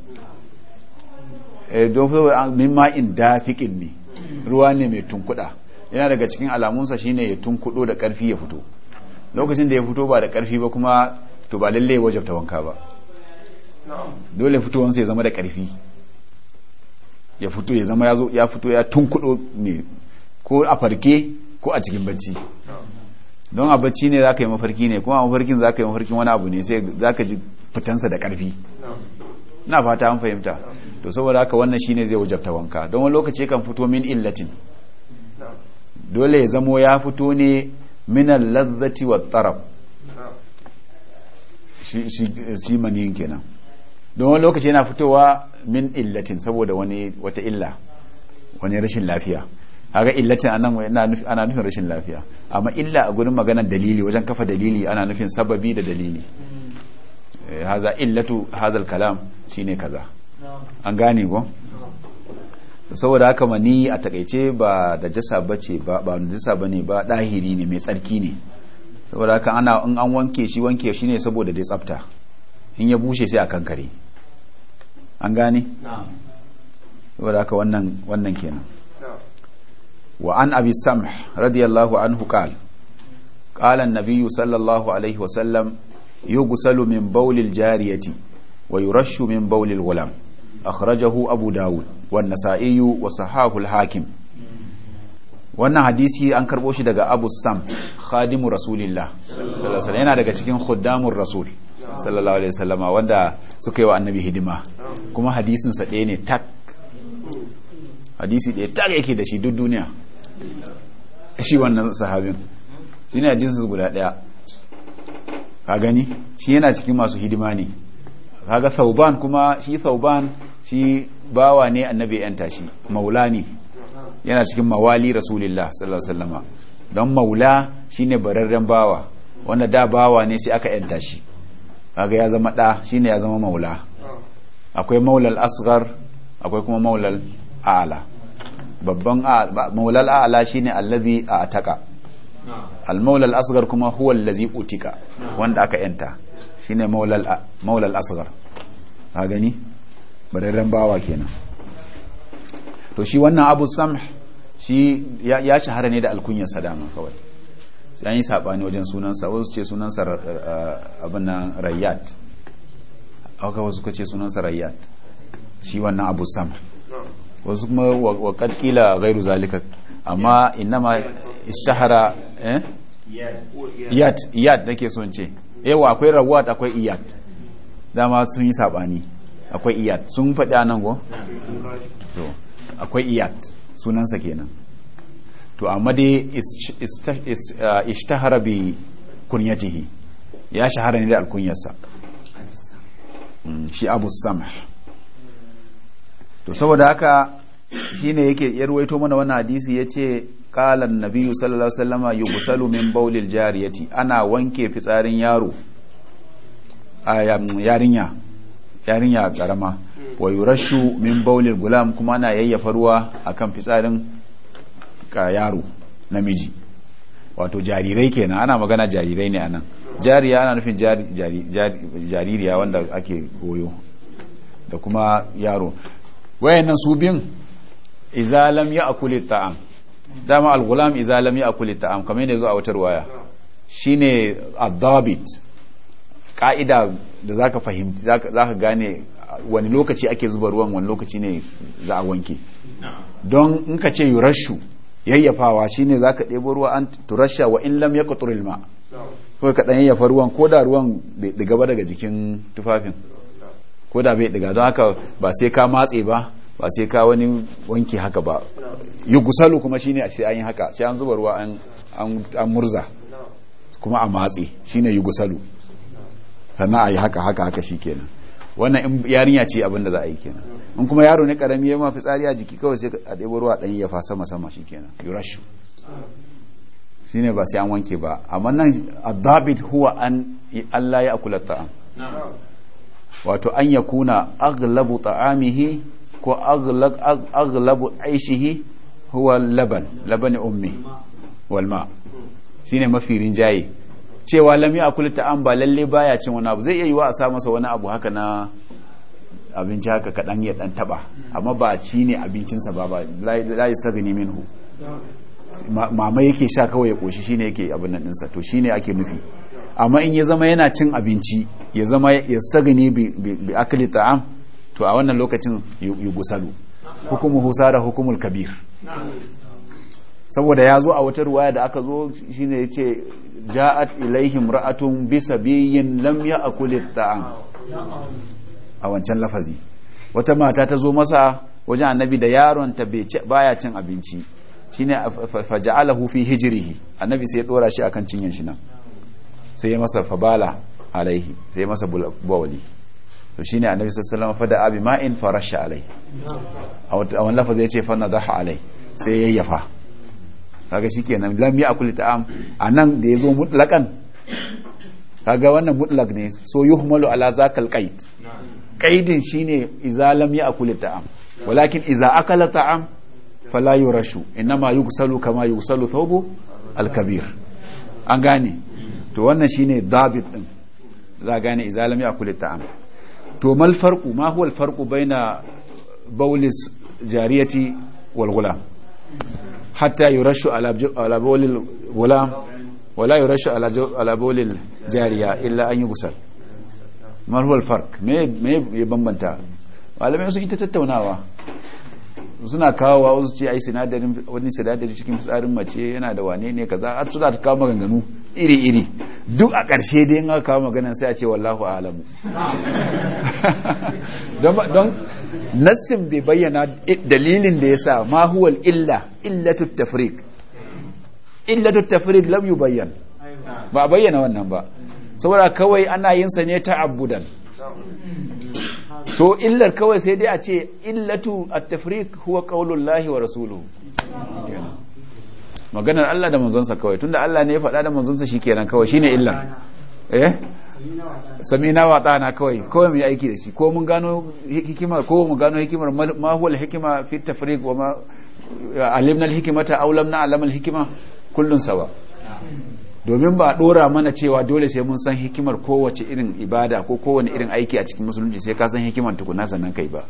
eh, don min in dafiƙin ne ruwa ne mai tunkuɗa yana daga cikin alamunsa shine ya tunkuɗo da ƙarfi ya fito lokacin da ya fito ba da ƙarfi ba kuma to ba lalle wajabta wanka ba dole fitowansa ya zama da ƙarfi ya fito ya zama ya fito ya tunkuɗo ne ko a farke ko a cikin bacci don a bacci ne zaka yi mafarki ne kuma a mafarkin zaka yi mafarkin wani abu ne sai za ka ji fitansa da karfi na fata an fahimta to saboda haka wannan shine zai wajabta wanka don wani lokaci kan fito min illatin dole ya zamo ya fito ne min lazzati wa tarab shi shi maniyin kenan don wani lokaci yana fitowa min illatin saboda wani wata illa wani rashin lafiya kaga illatin anan ana nufin rashin lafiya amma illa a gurin maganar dalili wajen kafa dalili ana nufin sababi da dalili eh, haza illatu hazal kalam shine kaza an gane ko saboda haka ma ni a takaice ba da jasa bace ba ba jasa bane ba dahiri ne mai tsarki ne saboda haka ana in an wanke shi wanke shi ne saboda dai tsafta in ya bushe sai a kankare an gane saboda haka wannan wannan kenan wa an abi samh radiyallahu anhu qal qala an-nabiyyu sallallahu alaihi wa sallam yughsalu min bawlil jariyati wa yurashu min bawlil gulam akhrajahu abu daud wa an-nasa'iyyu wa sahahu al-hakim wannan hadisi an karbo shi daga abu sam khadimu rasulillah sallallahu alaihi daga cikin khuddamur rasul sallallahu alaihi wa sallam wanda suka yi wa annabi hidima kuma hadisin ɗaya ne tak hadisi ɗaya tak yake da shi dukkan duniya shi wannan sahabin shi ne hadisus guda daya ka gani shi yana cikin masu hidima ne kaga sauban kuma shi sauban shi bawa ne annabi yan tashi maula ne yana cikin mawali rasulillah sallallahu alaihi wasallama don maula shine bararren bawa wanda da bawa ne sai aka yanta shi kaga ya zama da shine ya zama maula akwai maulal asghar akwai kuma maulal a'la babban maulal a'ala shine allazi a ataka al-maulal kuma huwa allazi utika wanda aka yanta shine maulal maulal asgar ka gani bararren bawa kenan to shi wannan abu samh shi ya shahara ne da alkunyar sadama kawai yan yi sabani wajen sunansa wasu ce sunansa eh, abin nan rayyat aka wasu ce sunansa rayyat shi wannan abu samh wasu kuma wa kadkila gairu zalika amma inama istahara eh iyad iyad nake son ce yawa akwai rawat akwai iyad dama sun yi sabani akwai iyad sun faɗi anan go to akwai iyad sunansa kenan to amma dai istahara uh, bi kunyatihi ya shahara ne da alkunyarsa hmm, shi abu samh to saboda haka shine yake ya mana wannan hadisi yace qala na nabiyyu sallallahu alaihi wasallama yughsalu min bawlil jariyati ana wanke fitsarin yaro um, yarinya yarinya karama wa yurashu min bawlil gulam kuma ana yayyafa ruwa akan fitsarin ka yaro namiji wato jarirai kenan ana magana jarirai ne anan jariya ana nufin jaririya wanda ake goyo da kuma yaro nan su biyun izalam ya akuli ta'am dama al-gulam iza ya akuli ta'am kamar yadda zo a wutar waya shine adabit ka'ida da zaka fahimci zaka gane wani lokaci ake zuba ruwan wani lokaci ne za a wanke don in ka ce yurashu yayyafawa shine zaka ɗebo ruwa an turasha wa in lam yaqtur ma ka dan yayyafa ruwan ko da ruwan bai diga daga jikin tufafin ko da bai diga don haka ba sai ka matse ba ba sai ka wani wanki haka ba yi gusalu kuma shine sai an yi haka sai an zuba ruwa an murza kuma a matse shine yi gusalu sannan a yi haka haka haka shi kenan wannan yarinya ce abin da za a yi kenan in kuma yaro ne karami ya mafi tsari a jiki kawai sai a ɗebo ruwa ɗan ya fa sama sama shi kenan yurashu ne ba sai an wanke ba amma nan adabit huwa an Allah ya akula ta'am wato an ya kuna aglabu ta'amihi ko aglabu aishihi huwa laban labani ummi walma shine mafi rinjaye cewa lami a yakul ta'am ba lalle baya cin wani abu zai iya yiwa a sa masa wani abu haka na abinci haka kaɗan ya ɗan taɓa amma ba shine abincinsa ba ba la min minhu mama yake sha kawai ya koshi ne yake abin nan dinsa to shi shine ake nufi amma in ya zama yana cin abinci ya zama ya stagani bi akali ta'am to a wannan lokacin yugusalu gusalu hukumu husara hukumul kabir saboda ya zo a wata ruwaya da aka zo shine ya ce ja'at ilaihim ra'atun bi sabiyin lam akuli ta'am a wancan lafazi wata mata ta zo masa wajen annabi da yaron ta baya cin abinci shine faja'alahu fi hijrihi annabi sai ya dora shi akan cinyan shi nan sai ya masa fabala alaihi sai ya masa bawali to shine annabi sallallahu alaihi wasallam fada abi ma'in farasha alaihi a wannan lafazi yace fa zaha alaihi sai ya yafa kaga shikenan lam ya'kul ta'am anan da yazo mutlaqan kaga wannan mutlaq ne so yuhmalu ala zakal qaid qaidin shine idza lam ya'kul ta'am walakin idza akala ta'am fala yurashu inma yugsalu kama yugsalu thawbu al-kabir an gane to wannan shine dabit din za gane idza lam yakul ta'am to mal farqu ma huwa al farqu baina bawlis jariyati wal ghulam hatta yurashu ala ala bawlil ghulam wala yurashu ala ala bawlil jariya illa an yusal ma huwa al farq me me ya bambanta malamai sun ita tattaunawa suna kawo wa wasu ce ai sinadarin wani sinadarin cikin fitsarin mace yana da wane ne kaza har suna ta kawo maganganu iri iri duk a ƙarshe dai in aka kawo maganan sai a ce wallahu alamu don nassim bai bayyana dalilin da yasa ma huwal illa illatu tafriq illatu tafriq lam yubayyan ba bayyana wannan ba saboda kawai ana yin sa ne ta abudan so illar kawai sai dai a ce illatu at-tafriq huwa qaulullahi wa rasuluhu maganar Allah da manzonsa kawai tunda Allah ne ya faɗa da manzonsa kenan kawai shine illan eh samina wa na kawai kawai mu yi aiki da shi ko mun gano hikimar ko mu gano hikimar ma huwa hikima fi tafriq wa ma alimna al kullun sawa domin ba a dora mana cewa dole sai mun san hikimar kowace irin ibada ko kowane irin aiki a cikin musulunci sai ka san hikimar tukuna sannan kai ba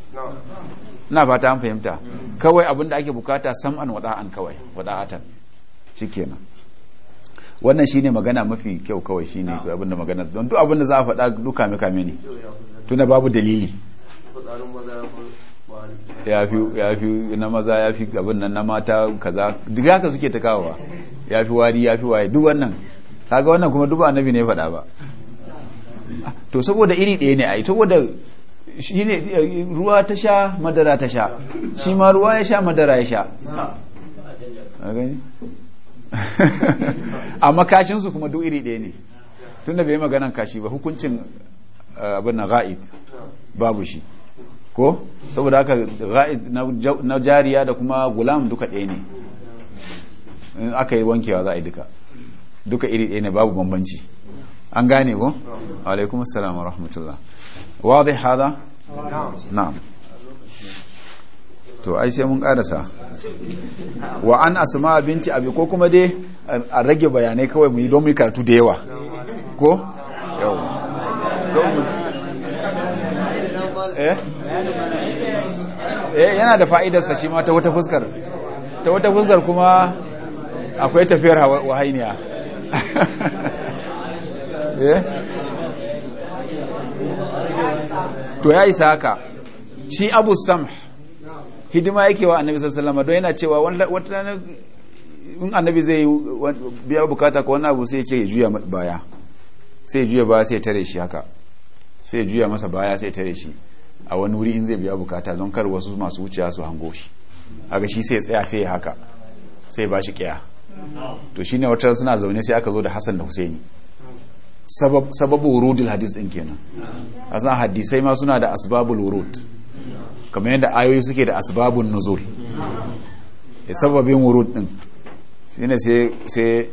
na ba ta fahimta kawai abin da ake bukata sam'an wada'an kawai wada'atan shikenan wannan shine magana mafi kyau kawai shine abin da magana don duk abin da za a faɗa duka kame kame ne tuna babu dalili ya fi na maza ya fi abin nan na mata kaza duk haka suke ta kawowa ya fi wari ya fi waye duk wannan kaga wannan kuma duk annabi ne ya faɗa ba to saboda iri ɗaya ne ai saboda shine eh, ruwa ta sha madara ta sha shi ma ruwa ya sha madara ya sha amma su kuma duk iri ɗaya ne tun da bai maganan kashi ba hukuncin eh, abin na ra'id babu shi ko saboda haka ra'id na jariya da kuma gulam duka ɗaya ne in aka yi wankewa za a yi duka duka iri ɗaya ne babu bambanci an gane ko alaikum assalam wa rahmatullah wadai hada na'am to ai sai mun karasa wa an asma binti abi ko kuma dai a rage bayanai kawai mu yi don mu karatu da yawa ko yawa Eh? eh yana da fa'idarsa shi ma ta wata fuskar ta wata fuskar kuma akwai tafiyar wahainiya eh? to ya isa haka shi abu sam hidima yake wa annabi sallama don yana cewa wata in annabi zai yi biya bukata ko wani abu sai ce ya juya baya sai ya juya baya sai ya tare shi haka sai ya juya masa baya sai ya tare shi a wani wuri in zai biya bukata don kar wasu masu wuciya su hango shi aga shi sai tsaya sai ya haka sai ba shi kiya to shine wata suna zaune sai aka zo da Hassan da Husaini sababu wurudul hadis din kenan zan hadisai ma suna da asbabul wurud kamar yadda ayoyi suke da asbabun nuzul da eh, sababin wurud din shi sai sai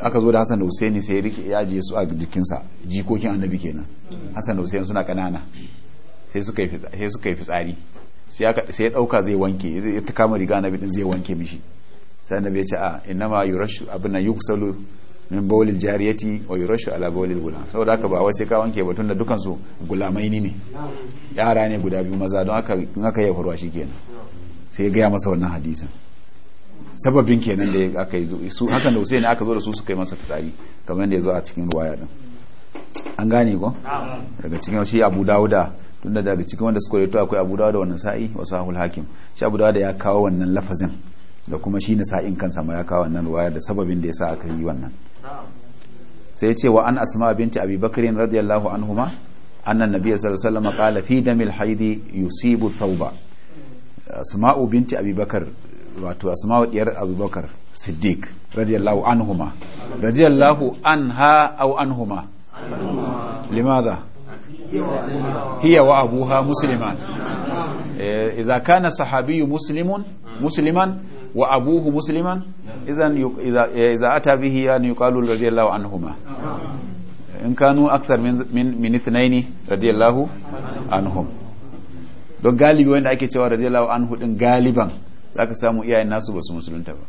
aka zo da Hassan da Husaini sai ya rike ajiye su a jikinsa jikokin annabi kenan Hassan da Husaini suna kanana sai suka yi fitsari sai ya dauka zai wanke ya ta kama riga annabi din zai wanke mishi sai annabi ya ce a ah, innama yurashu abin nan yuksalu min bawlil jariyati wa yurashu ala bawlil gulam saboda haka ba wai sai ka wanke ba tunda dukan su gulamaini ne yara ne guda biyu maza don haka in aka yi farwa shikenan sai ya gaya masa wannan hadisin sababin kenan da aka yi su hakan da ne aka zo da su suka yi masa fitsari kamar da ya zo a cikin ruwaya din an gane ko daga cikin shi Abu Dawuda tun da daga cikin wanda suka rito akwai abu da wannan sa'i wa sahul hakim shi abu da ya kawo wannan lafazin da kuma shi na sa'in kansa ma ya kawo wannan ruwaya da sababin da ya sa aka yi wannan sai ya ce wa an asma binti abi bakarin radiyallahu anhuma annan nabiyyu sallallahu alaihi wasallam qala fi damil haidi yusibu thawba asma'u binti abi bakar wato asma'u diyar abubakar siddiq radiyallahu anhuma radiyallahu anha aw anhuma limadha hiya wa abuha musliman eh, idza kana sahabiyyu muslimun musliman wa abuhu musliman idan idza eh, ata bihi an yuqalu radiyallahu anhuma in kanu akthar min min ithnaini radiyallahu anhum don galibi wanda ake cewa radiyallahu anhu din galiban zaka samu iyayen nasu ba su musulunta ba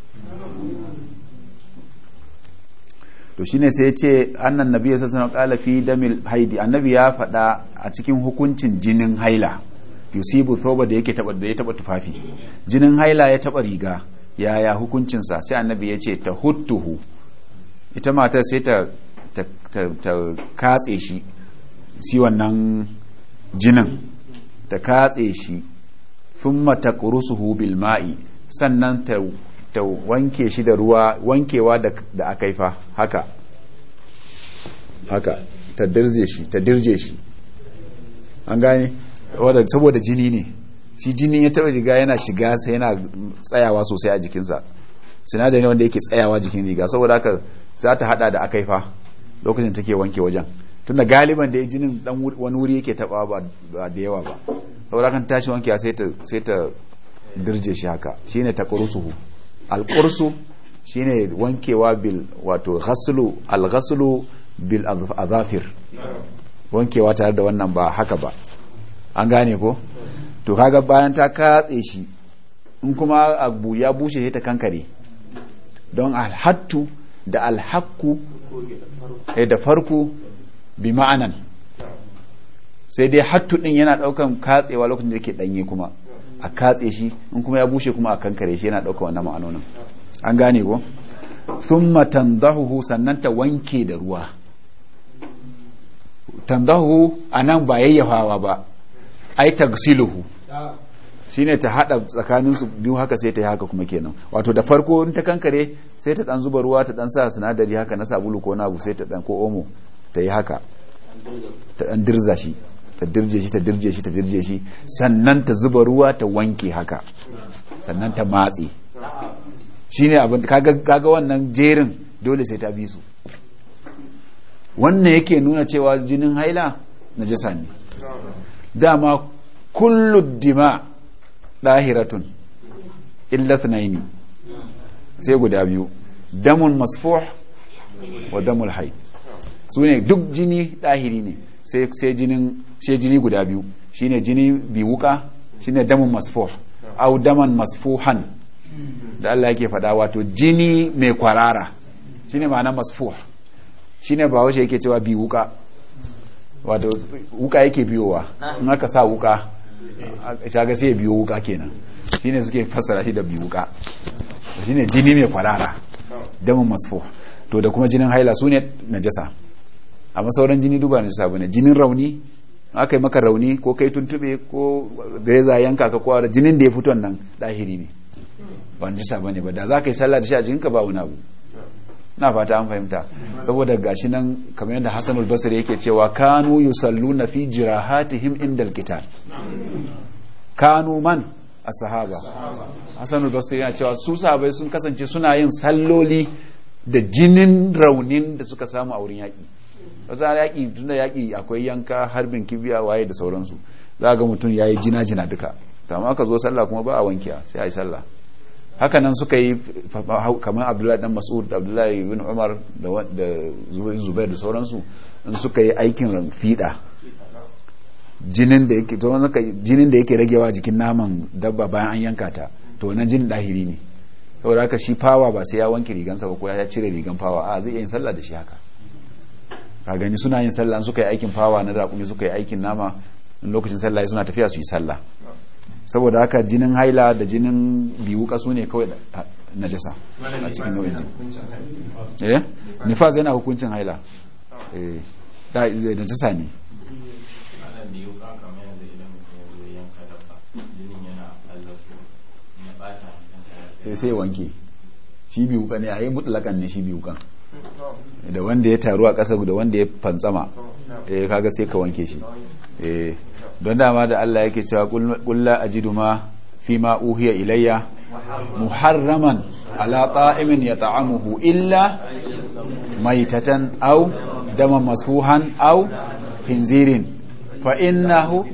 to shine sai ya ce annan nabi ya sassana kala fi damil haidi annabi ya faɗa a cikin hukuncin jinin haila yusibu thoba da yake taba da ya taba tufafi jinin haila ya taba riga yaya hukuncinsa sai annabi ya ce ta huttuhu ita matar sai ta ta katse shi si wannan jinin ta katse shi thumma taqrusuhu bil ma'i sannan ta ta wanke shi da ruwa wankewa da aka yi fa haka haka ta dirje shi ta dirje shi an gane wadda saboda jini ne shi jini ya taba riga yana shiga sai yana tsayawa sosai a jikinsa sinadari wanda yake tsayawa jikin riga saboda haka za ta hada da aka yi fa lokacin take wanke wajen tunda galiban da jinin dan wani wuri yake taba ba da yawa ba saboda kan tashi wanke sai ta sai ta dirje shi haka shine ta qurusuhu alƙursu shine wankewa bil wato ghaslu alghaslu bil azafir wankewa tare da wannan ba haka ba an gane ko to kaga bayan ta katse shi in kuma abu ya bushe sai ta kankare don alhattu da alhakku eh, da farko bi ma'anan sai dai hattu din yana daukan katsewa lokacin da yake danye kuma a katse shi in kuma ya bushe kuma a kankare shi yana ɗauka wannan ma'anonin an gane ko thumma tanzahuhu sannan ta wanke da ruwa tanzahu nan ba yayyafawa ba ai tagsiluhu shine ta hada tsakanin biyu haka sai ta yi haka kuma kenan wato da farko in ta kankare sai ta ɗan zuba ruwa ta ɗan sa sinadari haka na sabulu ko na abu sai ta dan ko omo ta yi haka ta dan dirza shi ta dirje shi ta dirje shi ta dirje shi sannan ta zuba ruwa ta wanke haka sannan ta matse ne abin kaga wannan jerin dole sai ta bi su wannan yake nuna cewa jinin haila na jisa ne dama kullu dima ɗahiratun illa sai guda biyu damun masfuh wa damul haid su ne duk jini ɗahiri ne sai jinin sai jini guda biyu shine jini bi wuka shine damun masfuh au daman masfuhan da Allah yake faɗa wato jini mai kwarara shine ma'ana masfuh shine ba wace yake cewa bi wuka wato wuka yake biyowa in aka sa wuka shaga sai biyo wuka kenan shine suke fassara shi da bi wuka shine jini mai kwarara damun masfuh to da kuma jinin haila ne najasa A sauran jini duba na sabu ne jinin rauni aka yi maka rauni ko kai tuntube ko greza yanka ka kowa jinin da ya fito nan dahiri ne ba na sabu ne ba da za ka yi sallah da shi a jikinka ba wuna bu na fata an fahimta saboda gashi nan kamar yadda Hassan Basri yake cewa kanu na fi jirahatihim indal qital kanu man a sahaba Hassan Basri yana cewa su sahabai sun kasance suna yin salloli da jinin raunin da suka samu a wurin yaƙi. wasu yaƙi tun da yaƙi akwai yanka harbin kibiya waye da sauransu za ga mutum ya yi jina-jina duka kama aka zo sallah kuma ba a wankiya sai a yi sallah haka nan suka yi kamar abdullahi dan mas'ud da abdullahi bin umar da zubair da sauransu in suka yi aikin fiɗa jinin da yake ragewa jikin naman dabba bayan an yanka ta to nan jinin dahiri ne saboda haka shi fawa ba sai ya wanke rigansa ba ko ya cire rigan fawa a zai iya yin sallah da shi haka ka gani suna yin sallah suka yi aikin fawa na raƙumi suka yi aikin nama in lokacin sallah suna tafiya su yi sallah saboda haka jinin haila da jinin biyu kasu ne kawai na jasa a cikin nau'in jin eh nifas yana hukuncin haila eh da eh, jasa ne sai eh, wanke shi biyu kan ne a yi mutlakan ne shi biyu kan da wanda ya taru a ƙasa da wanda ya fantsama eh kaga sai ka wanke shi eh don dama da Allah yake cewa kullu ajidu ma fi ma uhiya ilayya muharraman ala ta'imin yata'amuhu illa maitatan aw daman masfuhan aw khinzirin fa innahu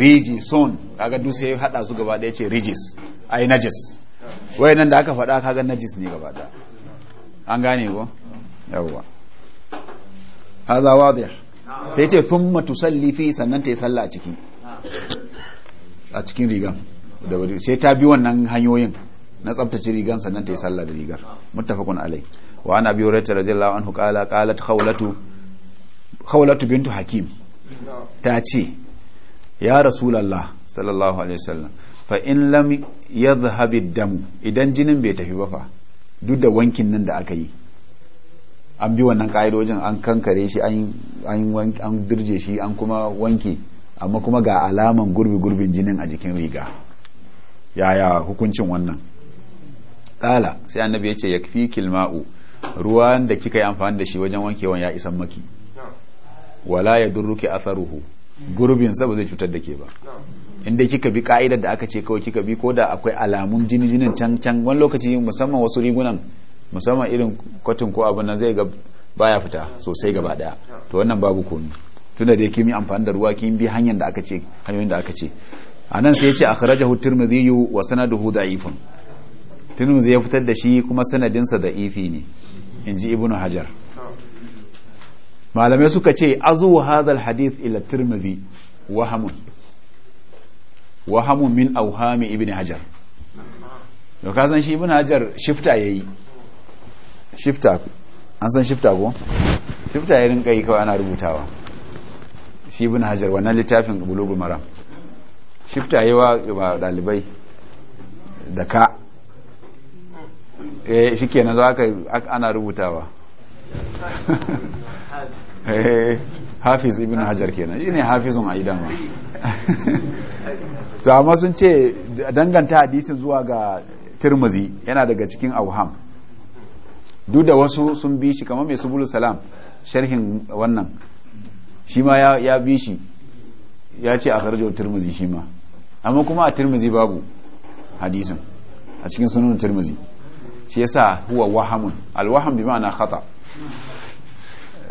rijisun kaga duk sai hada su gaba daya ce rijis ai najis wayannan da aka faɗa kaga najis ne gaba daya an gane ko yawwa haza wadih sai ce thumma tusalli fi sannan ta yi salla a ciki a cikin rigan da wuri sai ta bi wannan hanyoyin na tsabtace rigan sannan ta yi salla da rigar muttafaqun alai wa ana bi hurairah radiyallahu anhu qala qalat khawlatu khawlatu bintu hakim ta ce ya rasulullah sallallahu alaihi wasallam fa in lam yadhhabi damu idan jinin bai tafi ba fa duk da wankin nan da aka yi an bi wannan ka'idojin an kankare shi an dirje shi an kuma wanke amma kuma ga alaman gurbi gurbin jinin a jikin riga yaya hukuncin wannan ƙala sai annabi ya ce ya fi kilma'u ruwan da kika yi amfani da shi wajen wankewan ya isan maki wala ya durruki tsaruhu gurbin sa ba zai cutar da ke ba inda kika bi ka'idar da aka ce kawai kika bi ko da akwai alamun jini jinin can can wani lokaci musamman wasu rigunan musamman irin kwatin ko abin nan zai ga baya fita sosai gaba daya to wannan babu komi tun da kimi amfani da ruwa kin bi hanyar da aka ce hanyoyin da aka ce anan sai ya ce akhrajahu tirmidhi wa sanaduhu da'ifun tirmidhi ya fitar da shi kuma sanadin sa da'ifi ne inji ibnu hajar malamai suka ce azu hadha hadith ila tirmidhi wahamun wahamun min awhami ibnu hajar to ka shi ibnu hajar shifta yayi shifta an san shifta ko shifta ya rinka yi kawai ana rubutawa shi bin hajar wannan littafin bulogun maram shifta yi wa dalibai da ka eh shi kenan za ka ana rubutawa eh, hafiz ibn hajar kenan shi ne hafizun a idan to amma sun ce danganta hadisin zuwa ga tirmizi yana daga cikin auham duk da wasu sun bi shi kamar mai subulu salam sharhin wannan shi ma ya bi shi ya ce a harjo turmuzi shi ma amma kuma a turmuzi babu hadisin a cikin sunan turmuzi shi yasa huwa wahamun alwaham bi ma'ana khata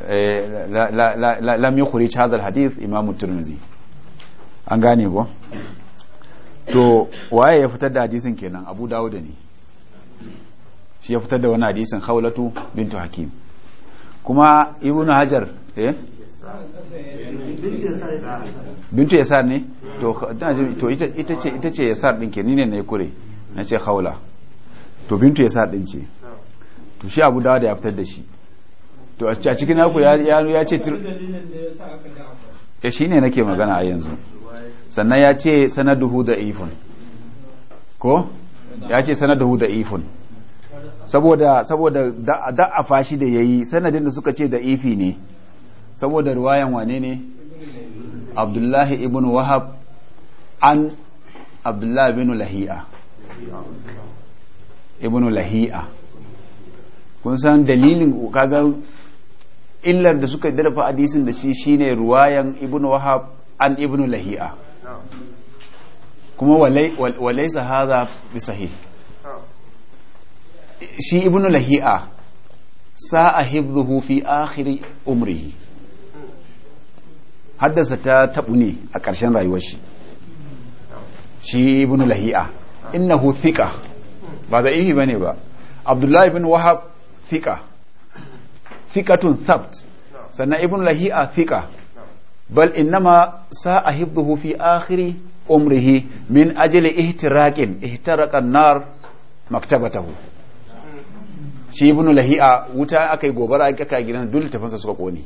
eh, lam yukhrij hadha alhadith imam turmuzi an gane ko to waye ya fitar da hadisin kenan abu dawuda ne shi ya fitar da wani hadisin haulatu bintu hakim kuma ibn hajar eh bintu yasar ne to ita ce ita ce yasar din ke ni ne na kure na ce haula to bintu yasar din ce to shi abu dawa da ya fitar da shi to a cikin haku ya ce ya eh, shi ne nake magana a yanzu sannan ya ce sanaduhu da ifun ko ya ce sanaduhu da ifun saboda saboda a fashi da yayi sanadin da suka ce da ifi ne saboda ruwayan wane ne abdullahi ibn wahab an abdullahi ibn lahi'a ibn lahi'a kun san dalilin kaga illar da suka dafa hadisin da shi shine ruwayan ibn wahab an ibn lahi'a kuma walaysa hadha sahih shi ibn lahi'a sa'a hifdhuhu fi akhir umrihi haddasa ta tabu ne a ƙarshen rayuwar shi shi ibn lahi'a innahu thiqa ba da ihi bane ba abdullahi ibn wahab thiqa thiqatun thabt sannan ibn lahi'a thiqa bal innama sa'a hifdhuhu fi akhiri umrihi min ajli ihtiraqin ihtaraqa an-nar maktabatahu shi ibn lahi'a wuta aka yi gobara aka yi gidan dole tafansa suka kone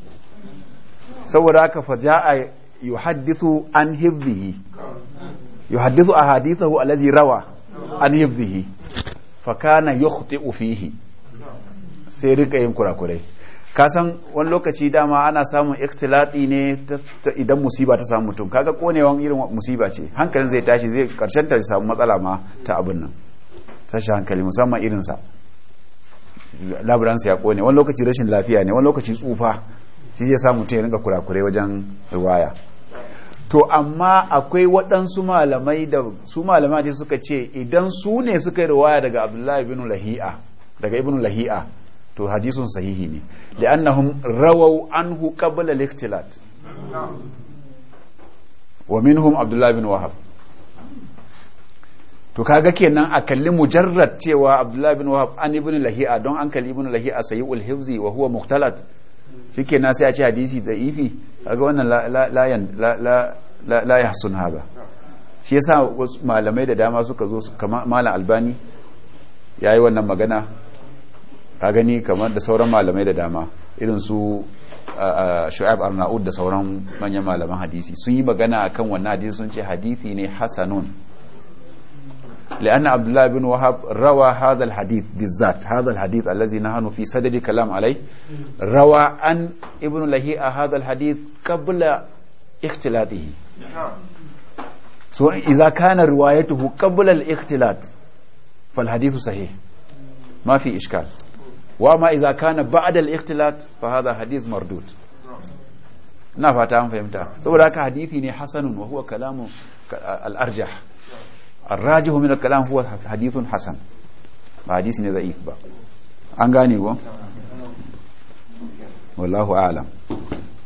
saboda a faja'a yuhaddithu an hibbihi yuhaddithu ahadithahu allazi rawa an hibbihi fa kana yukhti'u fihi sai rika yin kurakurai kasan wani lokaci dama ana samun ikhtilati ne idan musiba ta samu mutum kaga konewan irin musiba ce hankalin zai tashi zai karshen ta samu matsala ma ta abin nan tashi hankali musamman irinsa laburansa ya kone wani lokaci rashin lafiya ne wani lokaci tsufa shi zai sa mutum ya kurakure wajen riwaya to amma akwai waɗansu malamai da su malamai ce suka ce idan su ne suka yi riwaya daga abdullahi ibn lahi'a daga ibn lahi'a to hadisun sahihi ne da li'annahum rawaw anhu qabla al wa minhum abdullahi ibn wahab to kaga kenan a kalli mujarrad cewa abdullahi bin wahab an ibn lahi'a don an kalli ibn lahi'a sayyul hifzi wa huwa muhtalat shikenan sai a ce hadisi da ifi kaga wannan la la yahsun hada shi yasa malamai da dama suka zo kamar malam albani yayi wannan magana ka gani kamar da sauran malamai da dama irin su shu'aib arnaud da sauran manyan malaman hadisi sun yi magana akan wannan hadisi sun ce hadisi ne hasanun لأن عبد الله بن وهب روى هذا الحديث بالذات هذا الحديث الذي نحن في صدد كلام عليه روى عن ابن لهيئة هذا الحديث قبل اختلاطه so إذا كان روايته قبل الاختلاط فالحديث صحيح ما في إشكال وما إذا كان بعد الاختلاط فهذا حديث مردود na fata an fahimta حديثي حسن وهو كلام الأرجح الراجح من الكلام هو حديث حسن حديث ضعيف با انغاني هو والله اعلم